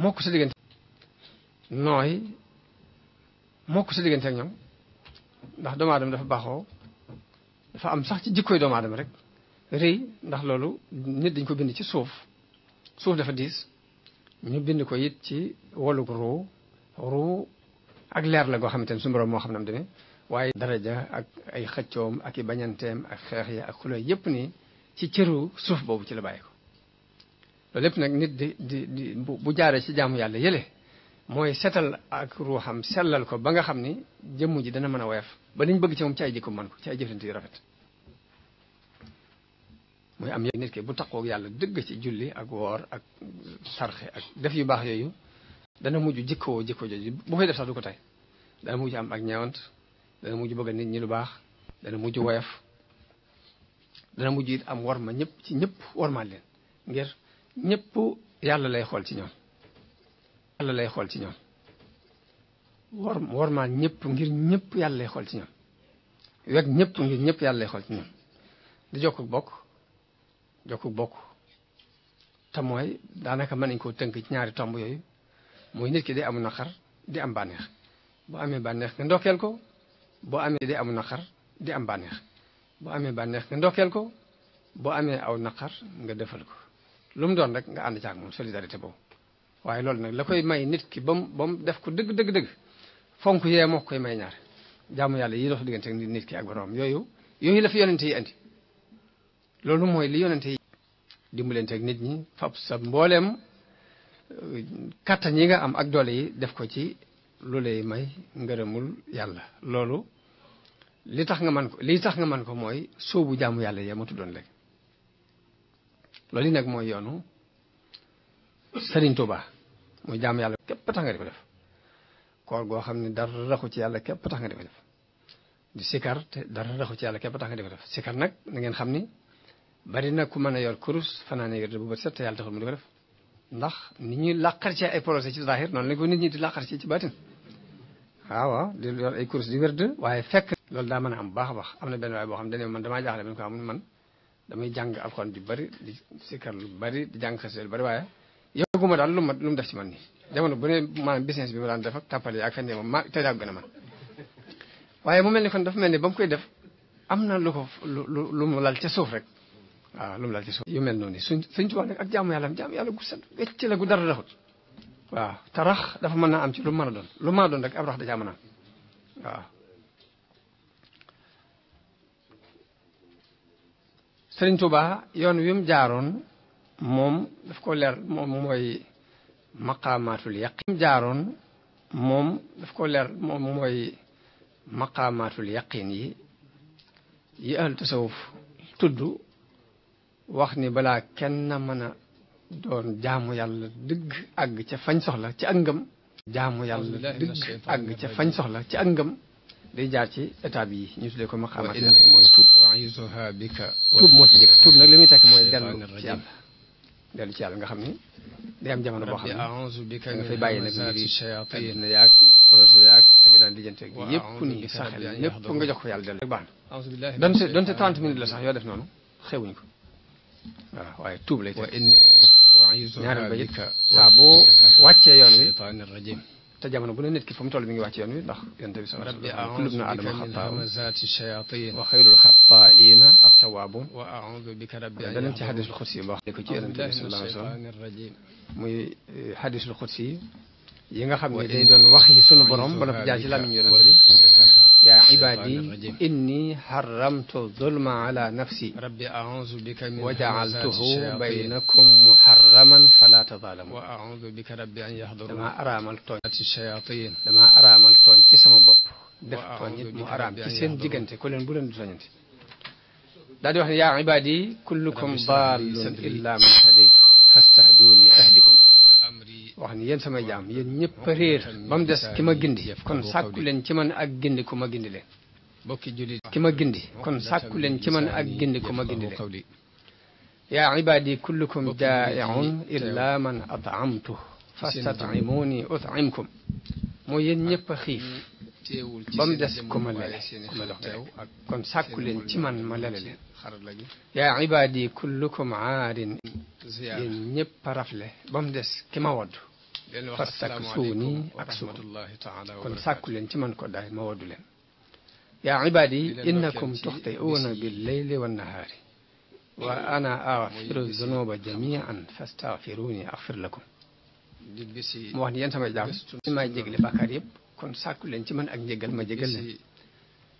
moo ko sa diggante nooy moo ko sa diggante ak ñoom ndax doomu aadama dafa baaxoo dafa am sax ci jikkoy doomu aadama rek rëy ndax loolu nit dañ ko bind ci suuf suuf dafa diis ñu bind ko it ci wolug ruu ruu ak leer la goo xamante ne suñu moo xam ne am waaye daraja ak ay xëccoom ak i bañanteem ak xeex ya ak xuloo yépp ni ci cëru suuf boobu ci la bàyyi ko loolu lépp nag nit di di di bu jaaree ci jaamu yàlla yële mooy setal ak ruuxam sellal ko ba nga xam ni jëmm ji dana mën a woyof ba liñ bëgg ci moom ci ay jikko man ko ci ay jëflante yu rafet muy am nit ki bu taqoog yàlla dëgg ci julli ak woor ak sarxe ak def yu baax yooyu dana mujj jikkoo jikko jooju bu koy def sax du ko tey dana mujj am ak ñeewant dana mujj bëgg nit ñi lu baax dana mujj woyof dana mujj it am wor ma ñëpp ci ñëpp wormaal leen ngir ñëpp yàlla lay xool ci ñoom lay xool ci ñoom wor wormaal ñëpp ngir ñëpp yàlla lay xool ci ñoom ñëpp ngir ñëpp yàlla lay xool ci ñoom di jokk bokk jokk bokk te mooy daanaka mën nañ koo tënk ci ñaari tomb yooyu mooy nit ki di am naqar di am bànneex bu amee bànneex nga ndokkeel ko boo amee di am naqar di am bànneex boo amee bànneex nga ndokkeel ko boo amee aw naqar nga defal ko lu mu doon rek nga ànd caag moom solidarité boobu waaye loolu nag la koy may nit ki ba mu ba mu def ko dëgg dëgg fonk yee moo koy may ñaar jaamu yàlla yi dox diggante nit ki ak borom yooyu yooyu la fi yonente yi andi loolu mooy li yonente yi dimbalante nit ñi fab sa mbooleem euh, kattan yi nga am ak doole yi def ko ci lu lay may ngërëmul yàlla loolu li tax nga man ko li tax nga man ko mooy sóobu jaamu yàlla yee ma tuddoon léegi loolu yi nag mooy yoonu Sëriñ Tuubaa muy jaamu yàlla képp tax nga di ko def goo xam ne dara raxu ci yàlla képp tax nga di ko def di sikar te dara raxu ci yàlla képp tax nga di def sikar nag na ngeen xam ni bari na ku mën a yor kurus fanaane yor bu bët set te yàlla taxul mu di def ndax nit ñuy làqar ci ay projet ci zahir noonu lañ ko nit ñi di làqar ci ci baatin waaw di yor ay course di wérde waaye fekk loolu daa mën a am baax a baax am na benn waaye boo xam ne man damaa jaaxle ko am man damay jàng alxuraan di bëri di sikkar lu bëri di jàng xasida lu bari waaye yëguma daal lu ma lu mu def ci man nii jamono bu ne maanaam business bi ma daan def tappale tàppale ak fenn moom ma tey daa gën a man waaye mu mel ni kon dafa mel ni ba koy def am na lu ko lu mu lal ca suuf rek waaw lu mu la ci yu mel noonu suñ suñ tubaab nag ak jaamu yàlla jaamu yàlla gu set wecc la gu dara raxut waaw te rax dafa mën naa am ci lu mën a doon lu mën a doon rek ab rax da caa mën a am waaw sëriñ tuba yoon wi mu jaaroon moom daf ko leer moom mooy maqaamaatul yaqin jaaroon moom daf ko leer moom mooy maqaamaatul yaqin yi yi ahlu tasawuf tudd wax ni balaa kenn mën a doon jaamu yàlla dëgg àgg ca fañ soxla ci ak ngëm jaamu yàlla dëgg àgg ca fañ soxla ci ak day jaar ci étape yi ñu tuddee ko maqaamaat yi mooy tuub tuub moo ci jëkk tuub nag li muy tekk mooy dellu ci yàlla dellu ci yàlla nga xam ni day am jamono boo xam ne nga fay bàyyi nag na yaag projet yaag da nga daan lijjante ak yëpp nii saxel ñëpp nga jox ko yàlla dellu baax na donte donte la sax yoo def noonu xewuñ ko waaw waaye tuub lay wa inni ñaareel ba it saa boo wàccee yoon wi shaytaanir rajiim te jamono bu ne nit ki fu mu toll mi ngi wàcc yoon wi ndax yonent bi sallallahu alayhi wa sallam kullu ibn aadama xataa wa xayrul xataa'iina at-tawwaabuun wa a'uudu bika rabbi danañ ci xadisul xudsi yi boo xam ko ci yonent bi sallallahu alayhi wa sallam muy xadisul xudsi yi nga xam ne day doon wax yi sunu borom ba noppi jaar ci lamiñ yonent bi يا عبادي إني حرمت الظلم على نفسي ربي أعوذ بك من وجعلته بينكم محرما فلا تظالموا وأعوذ بك ربي أن يحضروا لما أرى ملتون الشياطين لما أرى ملتون كسم بب دفتون tooñ it mu araam ci seen diggante ku يا عبادي كلكم ضال إلا من هديته فاستهدوني ne wax ni yéen sama jaam yéen ñëpp réer ba mu des ki ma gindi kon sàkku leen ci man ak gindi ku ma gindi leen bokki julit ki ma gindi kon sàkku leen ci man ak gindi ku ma gindi leen yaa ibaadi kullukum daa'iun illa man at'amtu fastat'imuni ut'imkum mooy yéen ñëpp a xiif ba mu des ku ma lele ku ma jox rek kon sàkku leen ci man ma lele leen yaa ibaadi kullukum aadin yéen ñëpp a rafle ba mu des ki ma waddu fastak suuni ak suuf kon sàkku leen ci man ko daay ma waddu leen yaa ibaadi innakum tuxtiuuna billeyli wannahaari wa ana aghfiru zunuba jamian fastaghfiruuni aghfir lakum mu wax ni yéen sama jaam ci may jégle bàkkaar yëpp kon sàkku leen ci man ak njëgal ma jégal leen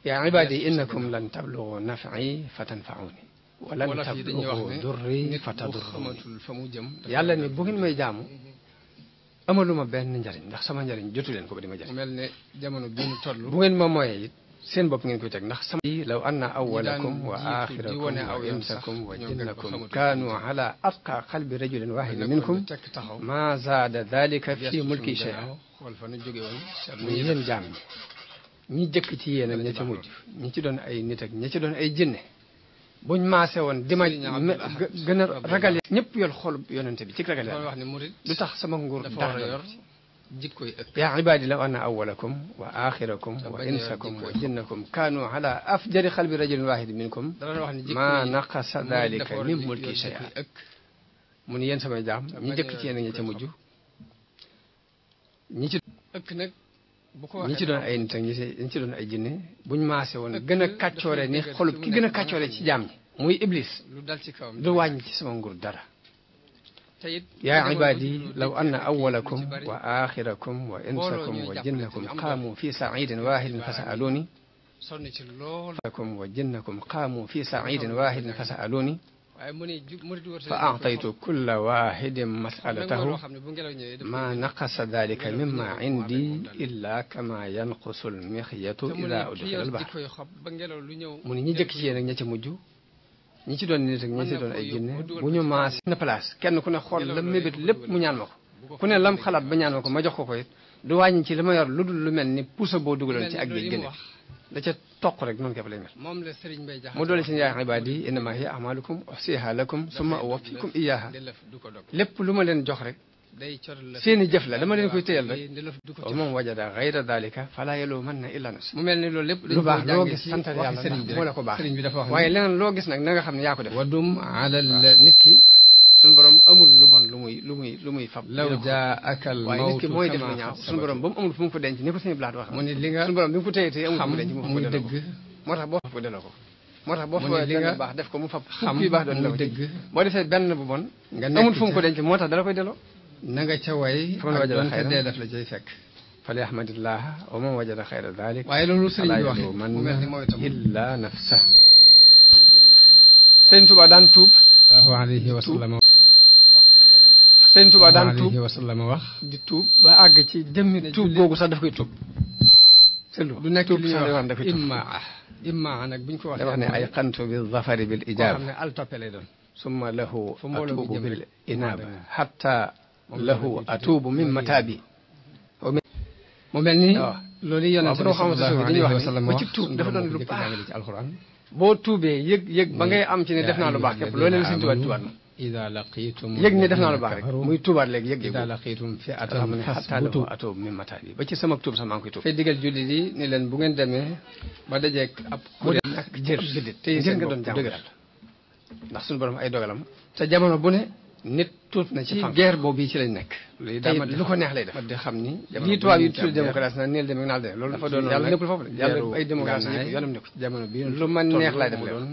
yaa ibaadi innakum lan tablugu naf'i fa tanfa'uni wa lan tablugu durri fa tadurruni yàlla ni bu ngeen may jaamu amaluma benn njariñ ndax sama njariñ jotu leen ko di ma jariñ bu ngeen ma moyee it seen bopp ngeen koy teg ndax sama yi law anna awalakum wa axirakum wa insakum wa jinnakum kaanu ala atqa qalbi rajulin wahidin minkum ma zaada dalika fi mulki shay mu yéen jaam ñi ñi jëkk ci yéen ak ña ci mujj ñi ci doon ay nit ak ña ci doon ay jinne buñ maase woon di ma gën a ragal ñëpp yor xol yonente bi ci ragal lu tax sama nguur dara يا عبادي لو أن أولكم وآخركم وإنسكم وجنكم كانوا على أفجر قلب رجل واحد منكم ما نقص ذلك من ملك شيئا من ينسى جام من جك تيانا يتمجو نيتي دون اي نتاني نيتي دون اي جيني بوني ماسي وون غنا كاتشوري ني خولب كي غنا كاتشوري سي جام موي ابليس لو دال سي كاوم دو واني سي سما نغور دارا طيب، يا عبادي لو أن أولكم وآخركم وإنسكم وجنكم قاموا في سعيد واحد فسألوني فكم وجنكم قاموا في سعيد واحد فسألوني فأعطيت كل واحد مسألته ما نقص ذلك مما عندي إلا كما ينقص المخية إذا أدخل البحر من يجك شيئا مجو ñi ci doon nit ak ñi ci doon ay jinne bu ñu maas na place kenn ku ne xool la mébét lépp mu ñaan ma ko ku ne lam xalaat ba ñaan ma ko ma jox ko ko it du wàññi ci li ma yor lu dul lu mel ni puso boo dugaloon ci ak géej génne da ca toq rek noonu képp lay mel mu doole ci yaa ibaadi innamaa hiya amalukum uhsiha lakum summa uwaffikum iyaha lépp lu ma leen jox rek seeni jëf la dama leen koy téyal rek wa moom wajada xayra dalika fala yeloo mën na illa nas mu mel ni loolu lépp lu baax loo gis xam ne yaa ko lu bon lu muy lu muy lu muy fab law jaa akal waaye nit ki mooy def lu ñaaw suñu borom ba mu amul fu mu ko denc ni ko seen blaat wax mu denc mu ko moo tax boo ko delloo ko denc moo tax dala koy delloo نغا تا واي فليحمد الله ومن وجد خير ذلك واي لولو سيرن الا نفسه سيرن توبا دان توب الله عليه وسلم سيرن توبا دان توب عليه وسلم واخ دي توب با اغ تي دم توب غوغو سا داف كاي توب سيرن دو توب لي نيو دان داف كاي توب اما اما انك بنج كو واخ ني ايقنت بالظفر بالاجابه خامني التوبي لي دون ثم له ثم له بالانابه حتى lahu atuubu min mataabi mu mel ni ah. loolu yonente bi sallallahu alayhi wa sallam ku ci tuub dafa doon lu baax ci alquran boo tuubee yëg yëg ba ngay am ci ne def naa lu baax képp loolu leen suñ tubaat tubaat ida laqitum yëg ne def naa lu baax rek muy tuubaat léegi yëg ida laqitum fi atam ne xataa lahu atuub min mataabi ba ci sama tuub sax maa ngi koy tuub fay digal julli yi ne leen bu ngeen demee ba dajeeg ab kuréel ak jër te yéen nga doon jaamu yàlla ndax suñu borom ay dogalam te jamono bu ne nit tuut na ci guerre boobu yi ci lañ nekk. lu ko neex lay def te xam ni. lii tubaab yi tudd démocratie nag neel demee naal de loolu dafa doon yàlla nekkul foofu de yàlla ay nekkul jamono lu ma neex laay def leen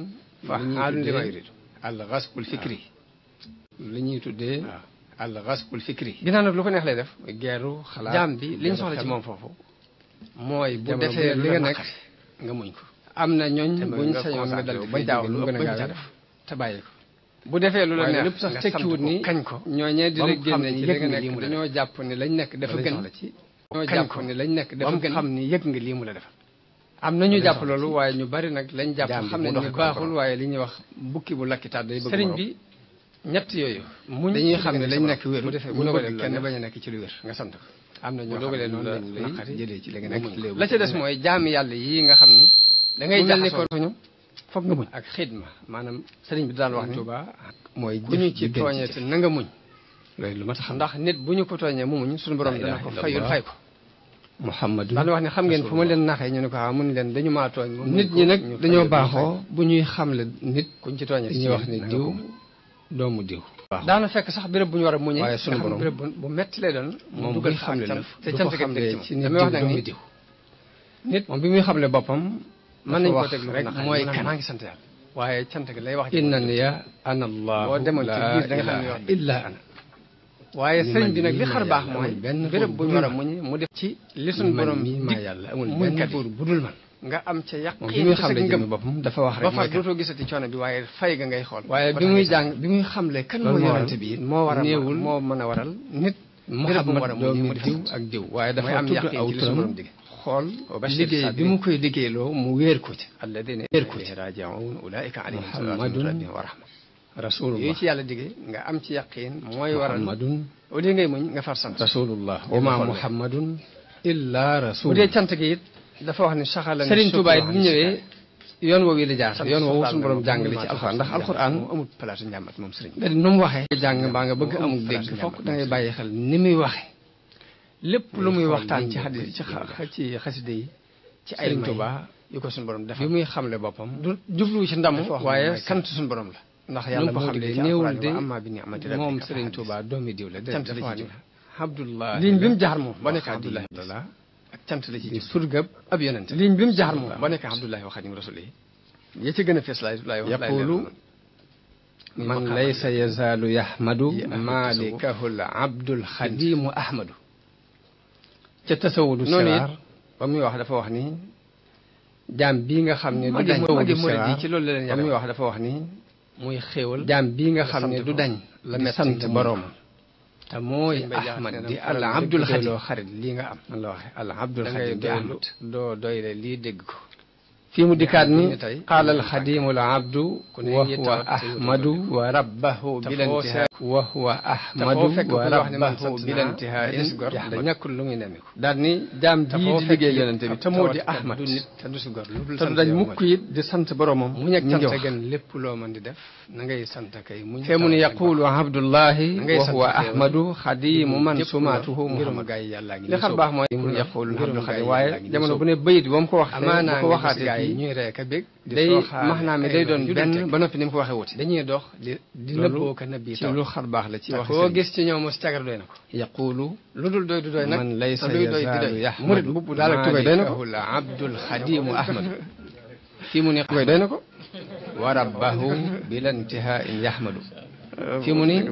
fa xaalun li ma yuridu al li ñuy tuddee al xaskul ah. fikri ginnaaw nag lu ko neex lay def guerru xalaat jaam bi li ñu soxla ci moom foofu mooy bu defee li nga nekk nga muñ ko am na ñooñ buñ sañoon nga dal bay daaw lu mu gën a gaaw bu defee lu la neex lépp sax tekkiwut ni kañ di la génne ci li nga nekk dañoo jàpp ni lañ nekk dafa gën lañ nekk dafa gën xam ni yëg nga na ñu jàpp waaye ñu bari nag lañ jàpp xam ne ni baaxul li ñuy wax bu lakkitaat day bëgg sëriñ bi ñett yooyu muñ dañuy xam ne lañ nekk wéru mu bëgg nekk ci lu wér nga sant ko am na ñu dogalee lu la naqari jëlee ci li nga la ca des mooy jaami yàlla yi nga xam ni da ngay jaxasoo foog nga muñ ak xidma maanaam sëriñ bi daan wax ne mm-hmm. Tuubaa mooy bu ñu ci tooñee te na nga muñ loolu lu ma tax ndax nit bu ñu ko tooñee mu muñ suñu borom dana ko fayul fay ko Muhammad daan wax ne xam ngeen fu ma leen naxee ñu ne ko ah mun leen dañu maa tooñ nit ñi nag dañoo baaxoo bu ñuy xamle nit kuñ ci tooñee dañuy wax ne diw doomu diw daana fekk sax béréb bu ñu war a muñee waaye sunu borom béréb bu metti lay doon moom buy xamle te cant gi ci nit damay wax nag diw nit moom bi muy xamle boppam mën nañu ko déglu rek mooy kan ngi sant yàlla waaye cant gi lay wax innaniya ana allah boo demoon ci biir da nga xam waaye sëriñ bi nag li xar baax mooy béréb bu ñu war a muñi mu def ci li suñ borom ma yàlla amul benn buur bu dul man nga am ca yàq bi muy xamle jëmmi boppam dafa wax rek ba far dootoo gisati coono bi waaye fay ga ngay xool waaye bi muy jàng bi muy xamle kan mooy yonent bi moo war a néewul moo mën a waral nit Muhammad doomi diw ak diw waaye dafa am tudd aw turam خال لجي بمكوي لجي له مويركوت الذين ويركوت راجعون أولئك عليهم صلاة ربهم ورحمة رسول الله يجي على دقي نعم أمتي يقين موي ورا محمد ولين جاي من غفرسنا رسول الله وما محمد إلا رسول ودي كان تجيت دفعه نشخال سرين توبا يدنيه yoon woowi la jaar yoon woowu sun borom jàng li ci alquran ndax alquran amul place njàmbat moom sëriñ dañ num waxe jàng ba nga bëgg amul dégg fokk da ngay bàyyi xel ni muy waxee lépp lu muy waxtaan ci hadith ci ci xasida yi ci ay Tuba yu ko sun borom def bi muy xamle bopam du jublu ci ndam waye sant sun borom la ndax yàlla mo xamle néewul de amma bi rabbi mom Serigne Touba domi diw la def la ci Abdullah liñ bi jaar mo ba nekk Abdullah ak tant la ci ci surga ab yonent liñ bi jaar mo ba nekk Abdullah wa Xadim Rasul ya ci gëna fess lay lay wax lay man laysa yazaalu yahmadu malikahu al abdul xadimu ahmadu ca tasawudu siraar ba muy wax dafa wax ni jaam nga xam ne du dañ ci loolu la leen ba muy wax dafa wax ni muy xéewal jaam bii nga xam ne du dañ la sant boroom te mooy ahmad di al abdul xadim xarit lii nga am la waxe al abdul xadim doo doy la lii dégg ko fii mu dikkaat ni qaala al xadimu al abdu wa huwa ahmadu wa rabbahu bilantihaa wa huwa ahmadu wa rabbahu bilantihaa'in da ñàkkul lu muy nemiku daal ni jaam bii di liggéey yonente bi te moo di ahmad te du si gor te du dañ mukk it di sant boromam mu ñeg ñu ngi gën lépp loo mën di def na ngay sant kay muñ fee mu ne yaqulu abdullahi wa huwa ahmadu xadimu man sumaatuhu muhammad li xar baax mooy mu yaqulu abdu xadi waaye jamono bu ne bayit ba mu ko wax amaana ko waxaate ñuy ree ka bég day maxnaa mi day doon benn ba noppi ni mu ko waxee wuti dañuy dox di di nëbboo ka nabi ci lu xar baax la ci wax koo gis ci ñoom mos cagar doy na ko yaqulu lu dul doy du doy nag man laysa luy doy di doy murit mbubb daal ak tugay doy na ko abdul xadimu ahmad fii mu ni tugay doy na ko wa rabbahu bila intihain yahmadu fi mu ni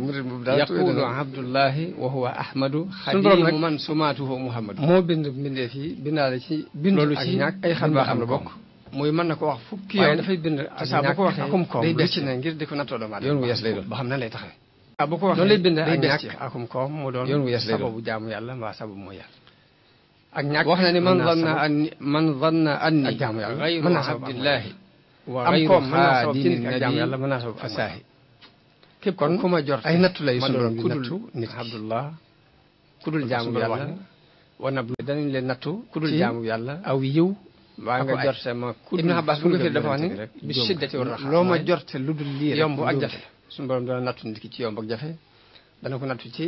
yaqulu abdullahi wa huwa ahmadu xadimu man sumaatuhu muhammadu moo bind mbindee fii bindaa la ci bind ak ñàkk ay xar baax la bokk mooy mën na ko wax fukki waaye dafay bind ak ñàkk akum koom day de ci na ngir di ko nattoo doomu aadama yoon yes lay doon ba xam na lay taxawee saa bu ko waxee lay akum koom mu doon yoon wu yes lay doon sababu jaamu yàlla mbaa sababu mooy ak ñàkk wax na ni man zanna anni ak jaamu yàlla mën naa sabab am koom mën naa ak ma jort ay nattu lay sunu borom di nattu nit abdullah ku dul jaamu yàlla wa nab danañ leen nattu ku dul jaamu yàlla mbaa nga jorte ma ku Ibn Abbas bu nga fi dafa bi siddati war raxa loo ma jorte lu dul lii yomb ak jafe suñu borom dana nattu nit ki ci yomb ak jafe dana ko nattu ci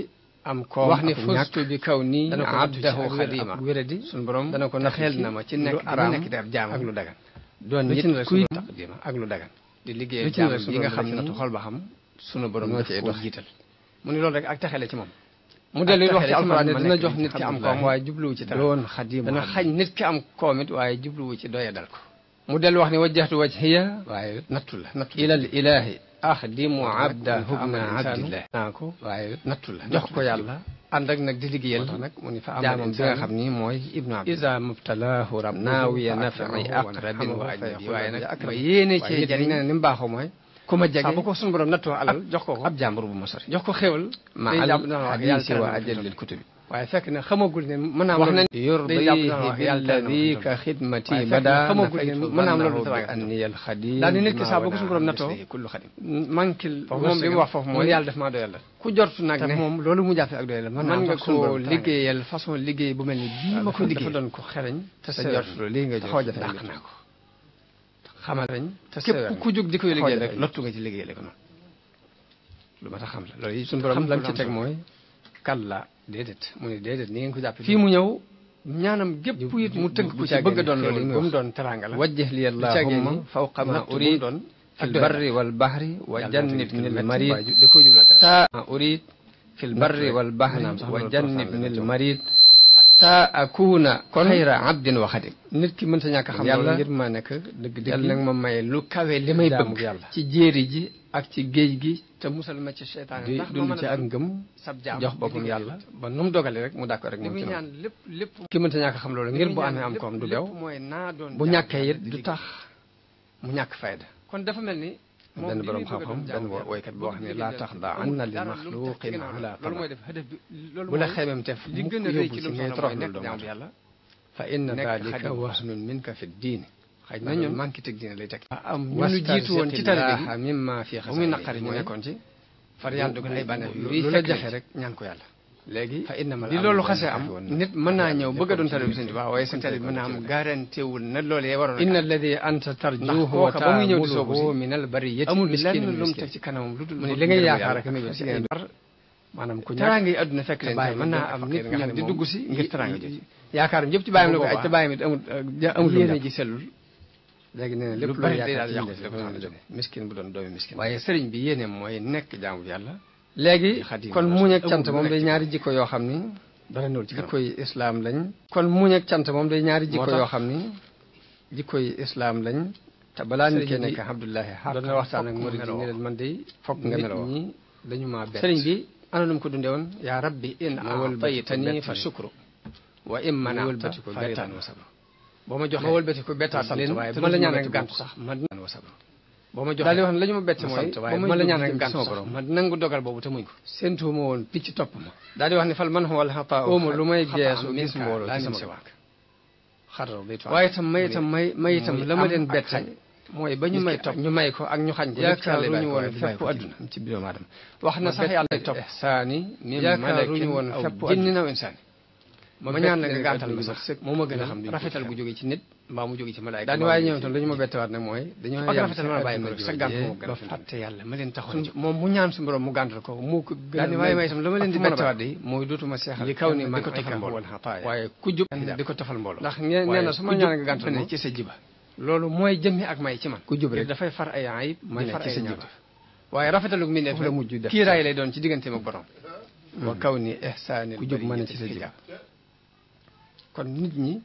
am koom wax ni fustu bi kaw nii dana ko nattu ci ak wéradi ak wéradi suñu xel na ma ci nekk araam nekk di ab jaam ak lu dagan doon nit kuy taqdima ak lu dagan di liggéey jaam yi nga xam ne nattu xol ba xam suñu borom daf jiital mu ni loolu rek ak taxele ci moom mu dellu wax ci alxuraan ne dina jox nit ki am koom waaye jubluwu ci doon xadimu dana xañ nit ki am koom it waaye jubluwu ci doye dal ko mu dellu wax ne wajjahtu wajhiya waaye nattu la nattu ilal ilahi axdimu abda hubna abdillah naa ko waaye nattu la jox ko yàlla ànd ak nag di liggéeyal nag mu ni fa jaamam bi nga xam ni mooy ibnu abd isa mubtalaahu rab naawiya nafi aqrabin wa ajnabi waaye nag ma yéene cee jariñ nee na ni mu baaxoo mooy ku ma jege saa bu ko suñu borom nattoo alal jox ko ko ab jàmbur bu ma sori jox ko xéwal ma alxadiisi wa ajal lil kutubi waaye fekk na xamagul ne mën naa wax nañ yurdihi billadi ka xidmati bada xamagul ne mën naa am loolu teraanga daal di nit ki saa boo ko suñu borom nattoo mankil moom li mu wax foofu mooy yàlla daf maa doyal la ku jortu nag ne moom loolu mu jàppee ak doyal la mën nga ko liggéeyal façon liggéey bu mel ni bii ma ko liggéey dafa doon ko xereñ te sa jortu lii nga jot dàq naa ko xamal nañ te képp ku jóg di ko liggéey rek lottu nga ci liggéey ko noonu lu ma tax xam la loolu suñu borom lam ci teg mooy kàlla déedéet mu ne déedéet ni ngeen ko jàpp fii mu ñëw ñaanam gépp it mu tënk ku ci bëgg doon loolu bu mu doon teranga la wajjih li allahumma fawqa ma urid في البر والبحر وجنبني المريض تا أريد في البر والبحر وجنبني المريض xatta akuna kon xayra abdin wa xadim nit ki mënta ñàkk xam yàlla ngir ma nekk dëgg dëgg yàlla nag ma may lu kawe li may bëgg yàlla ci jéeri ji ak ci géej gi te musal ma ci seytaane di dund ci ak ngëm sab jaam jox boppam yàlla ba nu mu dogale rek mu d'accord rek moom ci ñaan lépp lépp ki mënta ñàkk xam loolu ngir bu amee am koom du bew bu ñàkkee it du tax mu ñàkk fayda benn borom xam-xam benn woykat boo xam ne laa tax da an na li maxluqin ala talab bu la xemem tef mukk yóbbu si ngay toroxlu doomu yàlla fa inna dalika wahnun minka fi diini xaj na ñun manqué teg dina lay teg am ñu jiitu woon ci talibi mimma fi xasa muy naqari ñu nekkoon ci far yàlla dugal ay bànneex yu lu la jaxe rek ñaan ko yàlla léegi di loolu xasee am nit mën naa ñëw bëgg a doon talib Sëñ Tuubaa naa am garanté wul na loolu yee waroon inna alladi anta tarjuhu wa taamuluhu min al bariyati amul lenn lu mu teg ci kanamam lu dul mu maanaam ku teraanga yi àdduna fekk leen bàyyi mën am nit ñëw di dugg si ngir teraanga ji yaakaaram yëpp ci bàyyam la ko aj te bàyyam it amul doon doomi miskin waaye sëriñ bi yéene mooy nekk jaamu yàlla léegi kon muñ ak cant moom day ñaari jikko yoo xam ni dara ñëw ci jikko yi islaam lañ kon muñ ak cant moom de ñaari jikko yoo xam ni jikko yi islaam lañ te balaa ñu kee nekk Abdullahi xaq doon na waxtaan ak murid yi ne leen man day fokk nga meloo dañu maa bett sëriñ bi ana nu ko dunde woon yaa rabbi in aataytani fa shukru wa in manata fa ridan wa sabr boo ma joxee wëlbati ko bettaan leen ma la ñaan ak gàntu sax man wa sabr ba ma jox daal di wax ne la ñu ma bett mooy waaye ma la ñaan gànt sax ma nangu dogal boobu te muñ ko séentu ma woon picc topp ma daal di wax ne fal man wala xataa ooma lu may waaye itam may itam may may itam la ma leen bett mooy ba ñu may topp ñu may ko ak ñu xañ ko yaakaaruñu woon fépp adduna ci biirum aadama wax na sax yàlla topp saani yaakaaruñu woon fépp jinni naw insaani ma ñaan na nga gàntal ma sax moo ma gën a xam rafetal gu jóge ci nit mbaa mu jóge ci malaayka daal di waaye ñoom itam dañu ma bettewaat nag mooy dañoo ba fàtte yàlla ma leen taxoon moom mu ñaan suñu borom mu gàntal ko moo ko daal may mooy dootuma seexal li kaw ma ci man ku jub rek dafay far ay ayib may far ay ñaawte waaye lay doon ci digganteem ak borom hmm. wa kaw ni ihsaani ku jub mën ci sa jiba kon nit ñi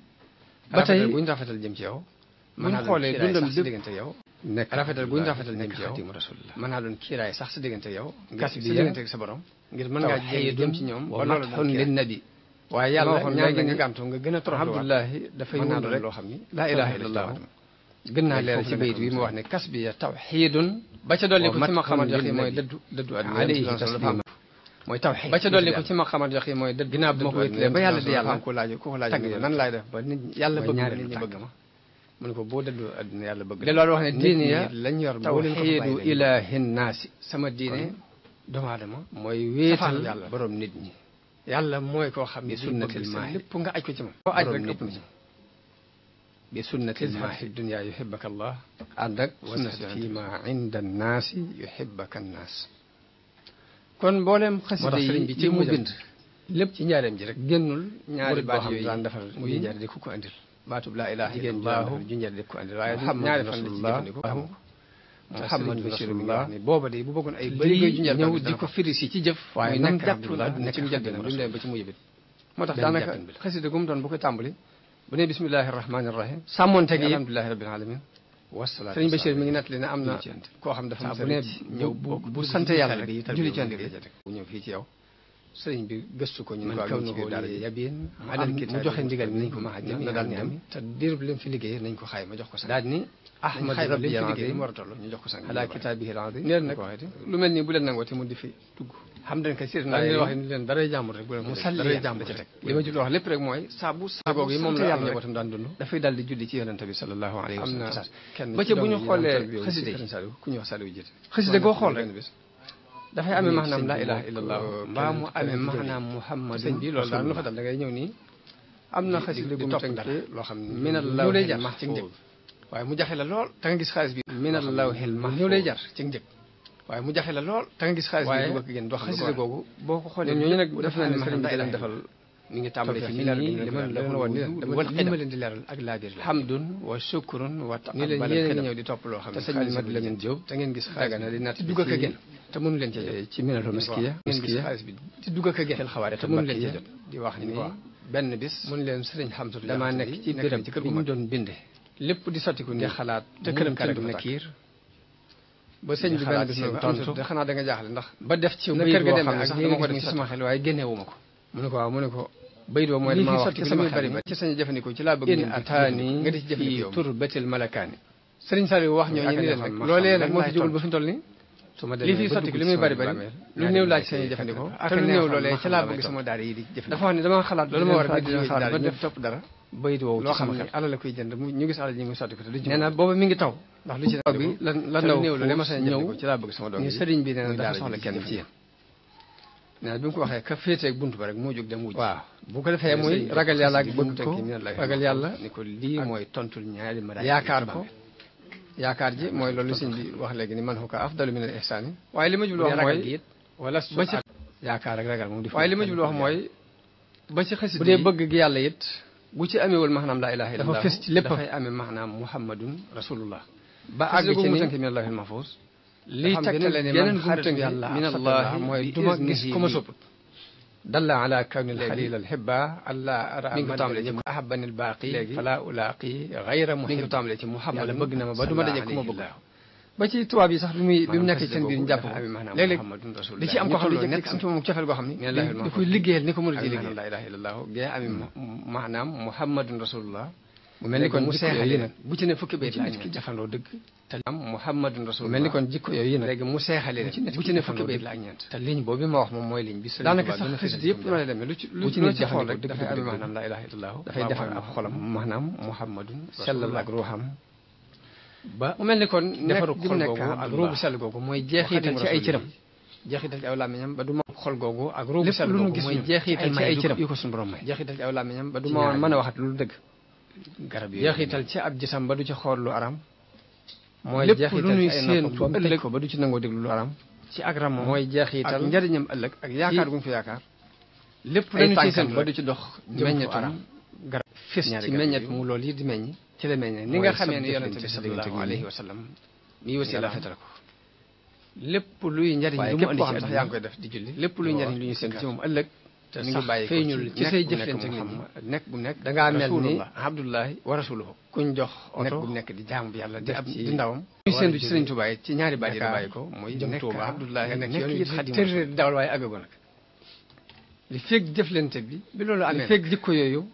ba tey rafetal guñ rafetal jëm ci yow. mën naa doon kiiraay sax sa diggante yow. nekk rafetal guñ rafetal jëm sax sa diggante yow. kas sa diggante ngir mën ngaa jëye jëm ci ñoom ba loolu doon lin nabi waaye yàlla ñaan gi nga gàmtu nga gën dafay mën naa doon loo xam ni laa ilaha illallah gën naa leeral ci bayit wi mu wax ne kas bi ya tawxiidun ba ca dolli ko ci ma xamante ne mooy dëddu dëddu alayhi taslim moy tawhid ba ca dolli ko ci maqaamam joxe mooy dëgg ginnaaw bi ma ko ba yàlla di yàlla ko laaj ko laaj nan lay def ba nit yàlla bëgg ma nit ñi bëgg ma mu ko bo dëddoo àdduna yàlla bëgg de loolu wax ne diine ya lañ yor bo ko tawhidu ilahi naasi sama diine doomu dama moy wéetal yàlla borom nit ñi yàlla moy ko xamni sunnatul ma lépp nga aj ko ci ma ko aj rek lepp ci bi sunnatil maa fi dunya yuhibbuka allah ànd ak sunnat fi ma inda yuhibbuka an-nas kon mboolem xasida yi li mu bind lépp ci njaareem ji rek génnul ñaari baat yooyu daan defal muy ñaari di ko ko andil baatub laa ilaha illallah junjari di ko andil waaye ñaari fan la ci jëfandikoo xam Muhammad Rasulullah booba de bu bëggoon ay bëri junjar ñëw di ko firi si ci jëf waaye nam jàpp la ne ci mu jàpp duñ dem ba ci mu yëbit moo tax daanaka xasida gu mu doon bu koy tàmbali bu ne bismillahi rahmani rahim sàmmoonte gi alhamdulilahi rabbil alamin wasalaatu sëriñ Bachir mi ngi nettali ne am na koo xam dafa bu ne bu bu sant yàlla rek julli ci andi bu ñëw fii ci yow sëriñ bi gëstu ko ñu ne kaw na ko yabin adal mu joxe ndigal nañ ko maa jëm na daal ni am te diirub fi liggéey nañ ko xaay ma jox ko sax daal ni ahmad rabbi mu war a toll ñu jox ko sax ala kitaabihi neen nag lu mel nii bu leen nangoo te mu di fi dugg xam dañ ko sirna dañ leen wax ni leen daray jàmbur rek bu leen daray jàmbur ci teg li ma jublu wax lépp rek mooy saabu saabu yi moom la am njabootam daan dafay dal di julli ci yonente bi ba rek dafay amee maanaam laa euh, mu da mu teg dara loo xam ma minal mu jaxe la lool da nga gis xaalis bi minal law xel max ñëw lay jar ci waaye mu jafe la lool te nga gis xaalis bi bëgg ngeen dox xasida googu boo ko xoolee ñooñu nag def na ne sëriñ bi leen defal mi ngi tàmbalee fi nii li ma leen wan ni leen ma leen di leeral ak laabir la hamdun wa shukrun wa ni leen yéen a ñëw di topp loo xam ne sëriñ Mat Lamin Jóob te ngeen gis xaalis bi di natt dugg ak a génn te mënu leen cee jot eh, ci minatul miskiya ngeen gis xaalis bi di dugg ak a génn te mënu leen cee jot di wax ni benn bis mun leen sëriñ Hamdou damaa nekk ci biram bi ñu doon binde lépp di sottiku ni xalaat te këram këram nakiir ba sëñ bi benn bis na ko da xanaa da nga jaaxle ndax ba def ci na kër ga demee ak ñi nga gis sama xel waaye génnewuma ko mu ne ko waaw mu ne ko bayit ba mooy li ma wax ci sama xel ci sañ jëfandikoo ci laa bëgg ataani nga di ci jëfandikoo tur betil malakaani sëriñ Saliou wax ñoo ñu ni leen nag loolee nag moo fi jógul ba fi ñu toll nii li fii sotti li muy bari bari lu néew laa ci sañuy jëfandikoo te lu néew loolee ci laa bëgg sama daara yi di jëfandikoo dafa wax ne dama xalaat loolu ma war a def dara bayit woowu loo xam ne alal la koy jënd mu ñu gis alal ji muy sotti ko te du ci nee na booba mi ngi taw ndax lu ci taw bi lan lan néew la ma sa ñëw ci laa bëgg sama doom ñu sëriñ bi nee na dafa soxla kenn ci yéen nee na bi mu ko waxee ka féeteeg bunt ba rek moo jóg dem wuj waaw bu ko defee muy ragal yàlla ak bëgg ko ragal yàlla ni ko lii mooy tontul ñaari ma yaakaar ko yaakaar ji mooy loolu sëñ bi wax léegi ni man xuka afdalu min al ihsaani waaye li ma jublu wax mooy wala ba ci yaakaar ak ragal moom di waaye li ma jublu wax mooy ba ci xasit bu dee bëgg gi yàlla it بوتي امي ول لا اله الا الله دا فاي امي معنى محمد رسول الله با اغتي مو سانك من الله الله دل على كون الليل الحبه الا ارى من احبني الباقي فلا الاقي غير محمد محمد مغنم بدو ما دجي كوما ba ci tubaab yi sax bi muy bi mu nekkee seen biir ci am ko xam ne nekk la ilaha illallah gee rasulullah mu mel ni kon jikko yooyu nag ci ne fukki bayit la ki jafandoo dëgg te am muhammadun rasulullah mel ni kon jikko yooyu nag léegi mu seexale leen bu ci ne fukki bayit ak ñeent ma wax moom mooy ligne am ba mu mel ni kon defaru xol googu ak ruubu googu mooy jeexital ci ay cëram jeexital ci aw làmmiñam ba du ma xol googu ak ruubu sell mooy jeexital ci ay cëram yu ko suñu borom may jeexital ci aw làmmiñam ba du ma woon mën a waxat lu dëgg garab yooyu jeexital ci ab jisam ba du ci xool lu aram mooy jeexital ci ay ko ba du ci nangoo déglu aram ci ak ram mooy jeexital ak njëriñam ëllëg ak yaakaar gu mu fi yaakaar lépp ay tànkam ba du ci dox meññetu fis ci meññat mu loolu yi di ci la meññee ni nga xamee ne yonente bi sallallahu lu mu andi ci àdduna yaa ngi koy def di julli lépp luy njariñ lu ñu seen ci moom ëllëg te sax feeñul ci say jëflante ak nit ni abdullahi wa rasuluhu kuñ jox nekk bu nekk di jaamu bi yàlla di ab di ndawam ñu ci sëriñ Tuubaa ci ñaari baat yi la bàyyi ko muy nekk abdullahi nekk yoon tërre di dawal waaye agago nag li fekk jëflante bi bi loolu amee li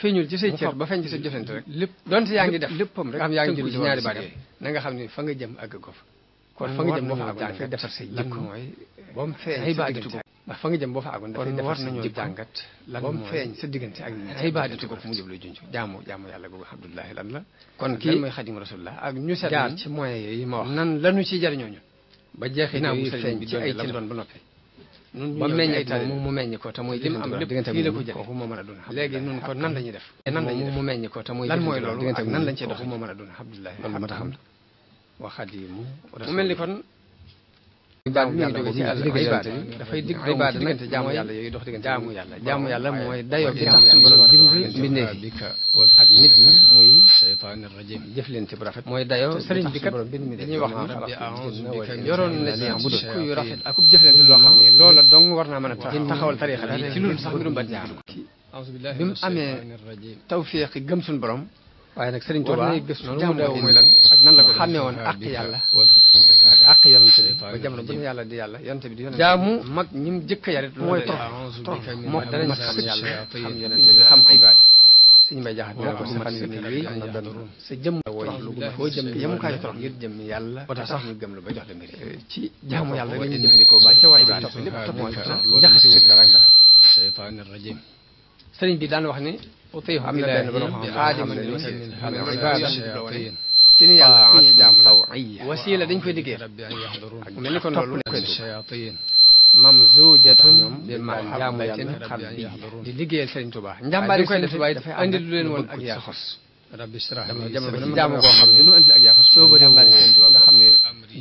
feeñul ci say cër ba feeñ ci sa jëfante rek lépp donte yaa ngi def léppam rek xam yaa ngi julli ci ñaari baat na nga xam ne fa nga jëm àgg ko kon fa nga jëm boo fa àggoon dafay defar say jikko bom feeñ sa diggante ndax fa nga jëm boo fa àggoon dafay defar sa jikko jàngat lan bom feeñ sa diggante ak ay baat ko fu mu jëm lay junj la ñu seet jaar ci moyens yooyu ma wax nan lanu ci jariñoo ñu ba jeexi naa mu feeñ ci ay ci doon ba noppi ba meññ moom mu meññ ko te muy lim am lépp fii la ko jëlee a dund léegi nun kon nan la def mu meññ ko te muy lan mooy loolu ak nan lañ cee dox moo mën a dund abdullahi xam waxaat yi mu mu mel ni kon ibaad mi ngi jóge ci yàlla ibaad dafay dig ibaad jaamu yàlla yooyu dox diggante jaamu yàlla mooy dayoo bi nga xam ne borom nit ñi shaytaani rajim jëf leen ci bu rafet mooy dayoo sëriñ bi kat dañuy wax ne rabbi a'uuzu bika yoroon na ci jikko yu rafet akub jëflante loo xam ne loola dong war naa mën a taxawal tariixa bi ci loolu sax mbirum bat ñaar bi mu amee tawféex yi gëm suñu la ko xàmmee woon àq yàlla ak àq yonante bi ba jamono bu ne yàlla di yàlla yonante bi di yonante jaamu mag ñi mu a yarit mooy trop trop moo danañ xam yàlla xam yonante bi xam suñu mbay jaxat nga xam ne wéy am na benn sa jëmm wooy foo jëm yemukaay torox ngir jëm yàlla ba tax ñu gëm la ba jox la mbir eh, ci jaamu yàlla la ñuy jëfandikoo ba ca waay bi topp lépp topp mooy jaxasiwul dara ak dara shaytaan rajim sëriñ bi daan wax ni am na benn borom xam xaadim al ci ni yàlla ku ñuy jaam taw wasiila dañ koy liggéey ak mel ni kon topp koy mamzujatun bil mahabbatin xabbi di liggéeyal Sëriñ Tuubaa njàmbaar yi koy def waaye dafay andi lu leen woon ak yaa xos rabbi israh li jamono jaamu koo xam ne nu andil ak yaafas soo jàmbaari seen tubaab nga xam ne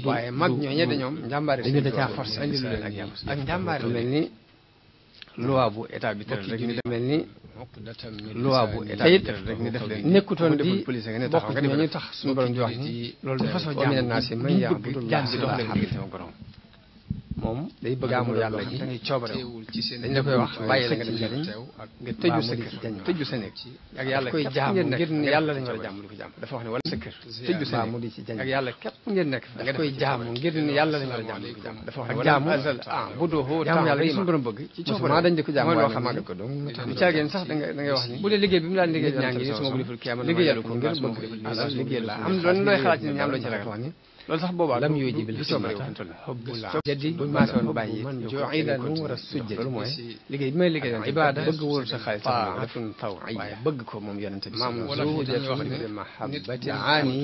waaye mag ñoo ñedde ñoom njàmbaari seen tubaab force andil leen ak yaafas ak njàmbaari lu mel ni loi bu état bi tëral rek ni def mel ni loi bu état bi tëral rek ni def leen nekkutoon di bokk ci ñooñu tax suñu borom di wax ni loolu dafa soo jaamu naa si may yaa bu dul laa si laa xam sama borom moom day bëgg amul yàlla wax bàyyi la nga dem a jaamu di ko jaamu dafa wax ne wala sa da nga a jaamu wax ne jaamu wax ni bu dee liggéey bi mu daan liggéey ñaa ngi ni suma bu liful kiyama liggéeyal la am doon looy xalaat ni loolu sax boobaa lam yuy ji bil xidmata xubbul jadi maasoon bàyyi joxida nuur a sujjati loolu mooy liggéey bi may liggéey yoon ibaada bëgg wóor sa xarit taatun taw waaye bëgg ko moom yonente bi maam zuujatun bi mahabbati aani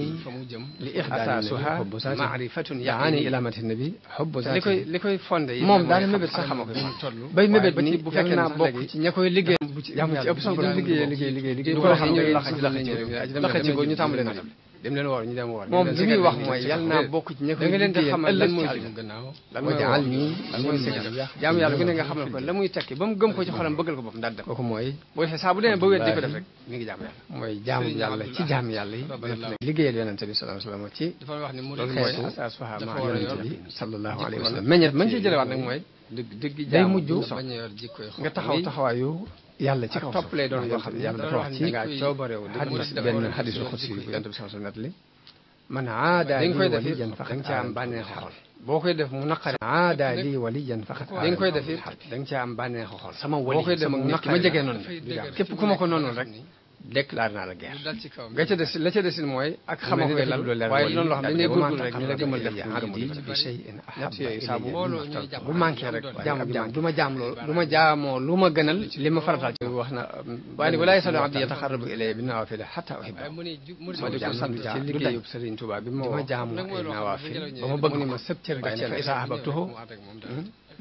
li ixdaasuha maarifatun yaani ila mati nabi xubbu li koy li koy fonde yi moom daana mébét sax xama ko bay mébét ni bu fekkee naa bokk ci ña koy liggéey yaa mu ci ëpp solo liggéey liggéey liggéey liggéey ko xam ne laxa ci laxa ci laxa ci ko ñu tàmbalee na dem leen woor ñu dem woor moom li muy wax mooy yal naa bokk ci ña ko da nga leen di xamal lan mooy jëm gannaaw lan mooy al ñi lan mooy sigal jaamu yàlla gu ne nga xamal ko la muy tekki ba mu gëm ko ci xolam bëggal ko boppam daal def kooku mooy boo defee saa bu demee ba wéet di ko def rek mi ngi jaamu yàlla mooy jaamu yàlla ci jaamu yàlla yi liggéeyal yonente bi sallallahu alayhi wa sallam ci dafa wax ne mu xeetu asfahamaa yonente bi sallallahu alayhi wa sallam meññet man ci jëlewaat nag mooy dëgg dëgg day mujj nga taxaw taxawaayu yàlla ci kaw suuf topp lay doon yoo xam ne yàlla dafa wax ci xadis benn xadisul xudsi bi man aada li waliyan faqad dañ koy def it da nga caa am bànneexu xol boo koy def mu naqari. aada li waliyan faqad da nga koy def it da nga caa am bànneexu xol sama wali sama naqari ma jege noonu képp ku ma ko noonu rek. déclaré naa la guerre nga ca des la ca desin mooy ak xama koy lal waaye noonu loo xam ne gurgur rek ñu la gëmal def bu manqué rek jaam jaam du ma jaam loolu du ma jaamoo lu ma gënal li ma faratal ci wax na waaye ni walaa ysalu abdi yataxarrabu ilayya bi nawaafil hatta uhibba ma di ko sant ci liggéeyub Sëriñ Tuubaa bi ma woo ma jaamoo ay nawaafil ba ma bëgg ni ma sëb cër ga fa isa ahbabtuhu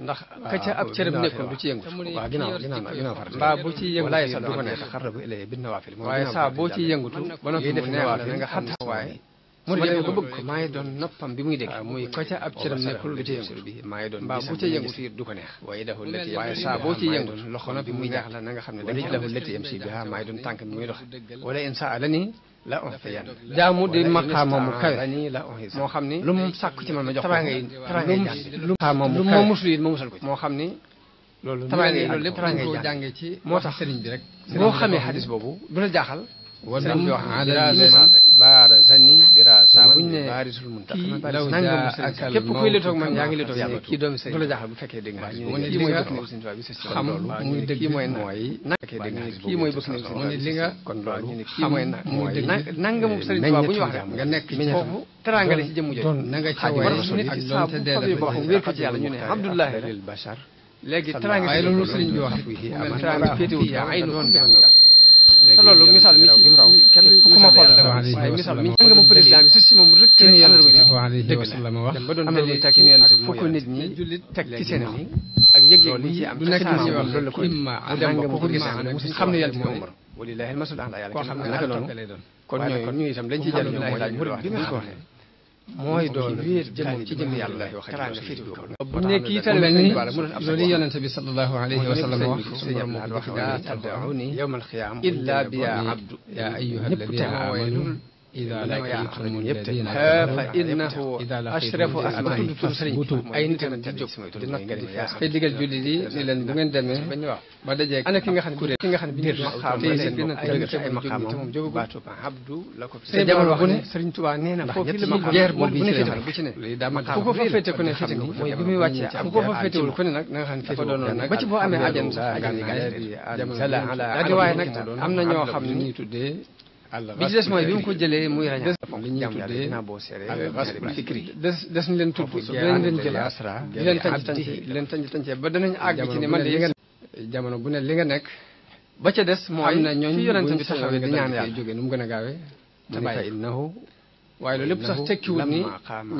ndax ka ca ab cërëb nekkoon du ci yëngu waaw ginnaaw ginnaaw far mbaa bu ci yëngu walaay sax saa boo ci yëngutu ba noppi mu neex la nga xam waaye mu demee ba bëgg ko maa ngi doon noppam bi muy dégg muy ko ca ab cëram du ci yëngu bi maa ngi doon mbaa bu ca yëngutu it du saa boo ci yëngu loxo bi muy neex la na nga xam ne daj lahu lati yam si biha bi muy dox wala in saa la nii la on sa yan jaamu di maqaama mu kawe moo xam ni lu mu sàkku ci man ma jox tabaa ngay tabaa ngay jàng lu ma musul it moo xam ni loolu tabaa ngay loolu lépp tabaa ngay jàng moo tax sëriñ bi rek boo xamee xadis boobu du la jaaxal wala ñu wax baara sani bira saabu ñu baari sul mun tax képp kuy li toog man yaa ngi li toog yàlla kii doomi sëñ du la jaaxal bu fekkee dégg nga mu ne li nga xam muy dëgg mooy mooy fekkee dégg nga kii mooy bëgg na mu ne li nga kon loolu ñu ne kii mooy na mooy dëgg nangamu sëriñ Tuubaa bu ñu wax rek nga nekk foofu teraanga la ci jëmm jooju na nga ca war su nit ak saabu xob yu baax wér ko ci yàlla ñu ne Abdullahi léegi teraanga waaye loolu sëriñ bi wax teraanga féetewul ay noonu te loolu misaal mi ci képp ku ma xool dama waaye misaal mi nga mu président bi su si moom rek kenn yàlla dëgg la dem ba doon tëlee teg ak fu ko nit ñi teg ci seen xol ak yëg-yëg bi ci am du nekk ci yoon loolu la ko dem ba ko gis xam ne yàlla ci omar walilahi almasul ala yàlla koo xam ne naka noonu kon ñooy kon ñuy itam lañ ci jël ñoom mooy laaj bi nga xam ne mooy doon jëmm ci jëmm yàlla lay waxee teraanga firi ko bu nekk itam mel ni loolu yonente bi sallallahu alayhi wa sallam wax suñu yàlla moo ko wax daa taddauni yowma alxiyaam illa bi yaa abdu yaa ayuha alladina amanu إذا لقيتم الذين فإنه أشرف أسماء ay nitam di jóg digal julli lii ni leen bu ana ki nga xam ne ki nga xam ne biir tey seen biir moom ne Serigne Touba nee na foofu fu ko fa ko ne nag na nga xam ne féete doonoon nag ba ci boo am na ñoo xam ne ñuy tuddee bi ci des mooy bi mu ko jëlee muy rañaan li ñuy tuddee al fikri des des leen tudd dinañ leen leen tànc tànc di leen tànc tànc ba danañ àgg ci ne man li nga jamono bu ne li nga nekk ba ca des mooy am na ñooñ fi yonent bi taxawee di ñaan yàlla jógee nu mu gën a gaawee te bàyyi waaye loolu lépp sax tekkiwul ni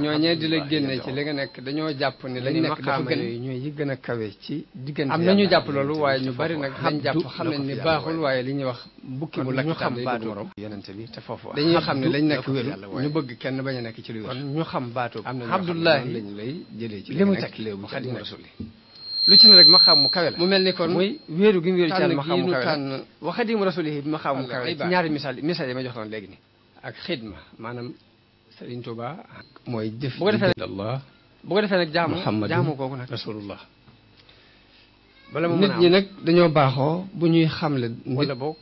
ñooñee di la génne ci li nga nekk dañoo jàpp ni lañ nekk dafa gën ñooy yi gën a kawe ci diggante am na ñu jàpp loolu waaye ñu bari nag dañ jàpp xam nañ ni baaxul waaye li ñuy wax bukki bu lakk xam baatu morom dañuy xam ne lañ nekk wéru ñu bëgg kenn bañ a nekk ci lu wér ñu xam baatu am na Abdullahi lañ lay li mu teg léegi Xaadimu Rasuul lu ci ne rek ma xam mu kawe la mu mel ni kon mooy wéeru gi mu wéeru ci maqaam mu kawe wa Xaadimu Rasuul bi maqaam mu kawe la ci ñaari misaal misaal yi ma jox loon léegi ni ak xidma maanaam Sëriñ Tuubaa mooy jëf bu ko defee Allah bu ko defee nag jaamu jaamu kooku nag rasulullah bala mu nit ñi nag dañoo baaxoo bu ñuy xamle wala boog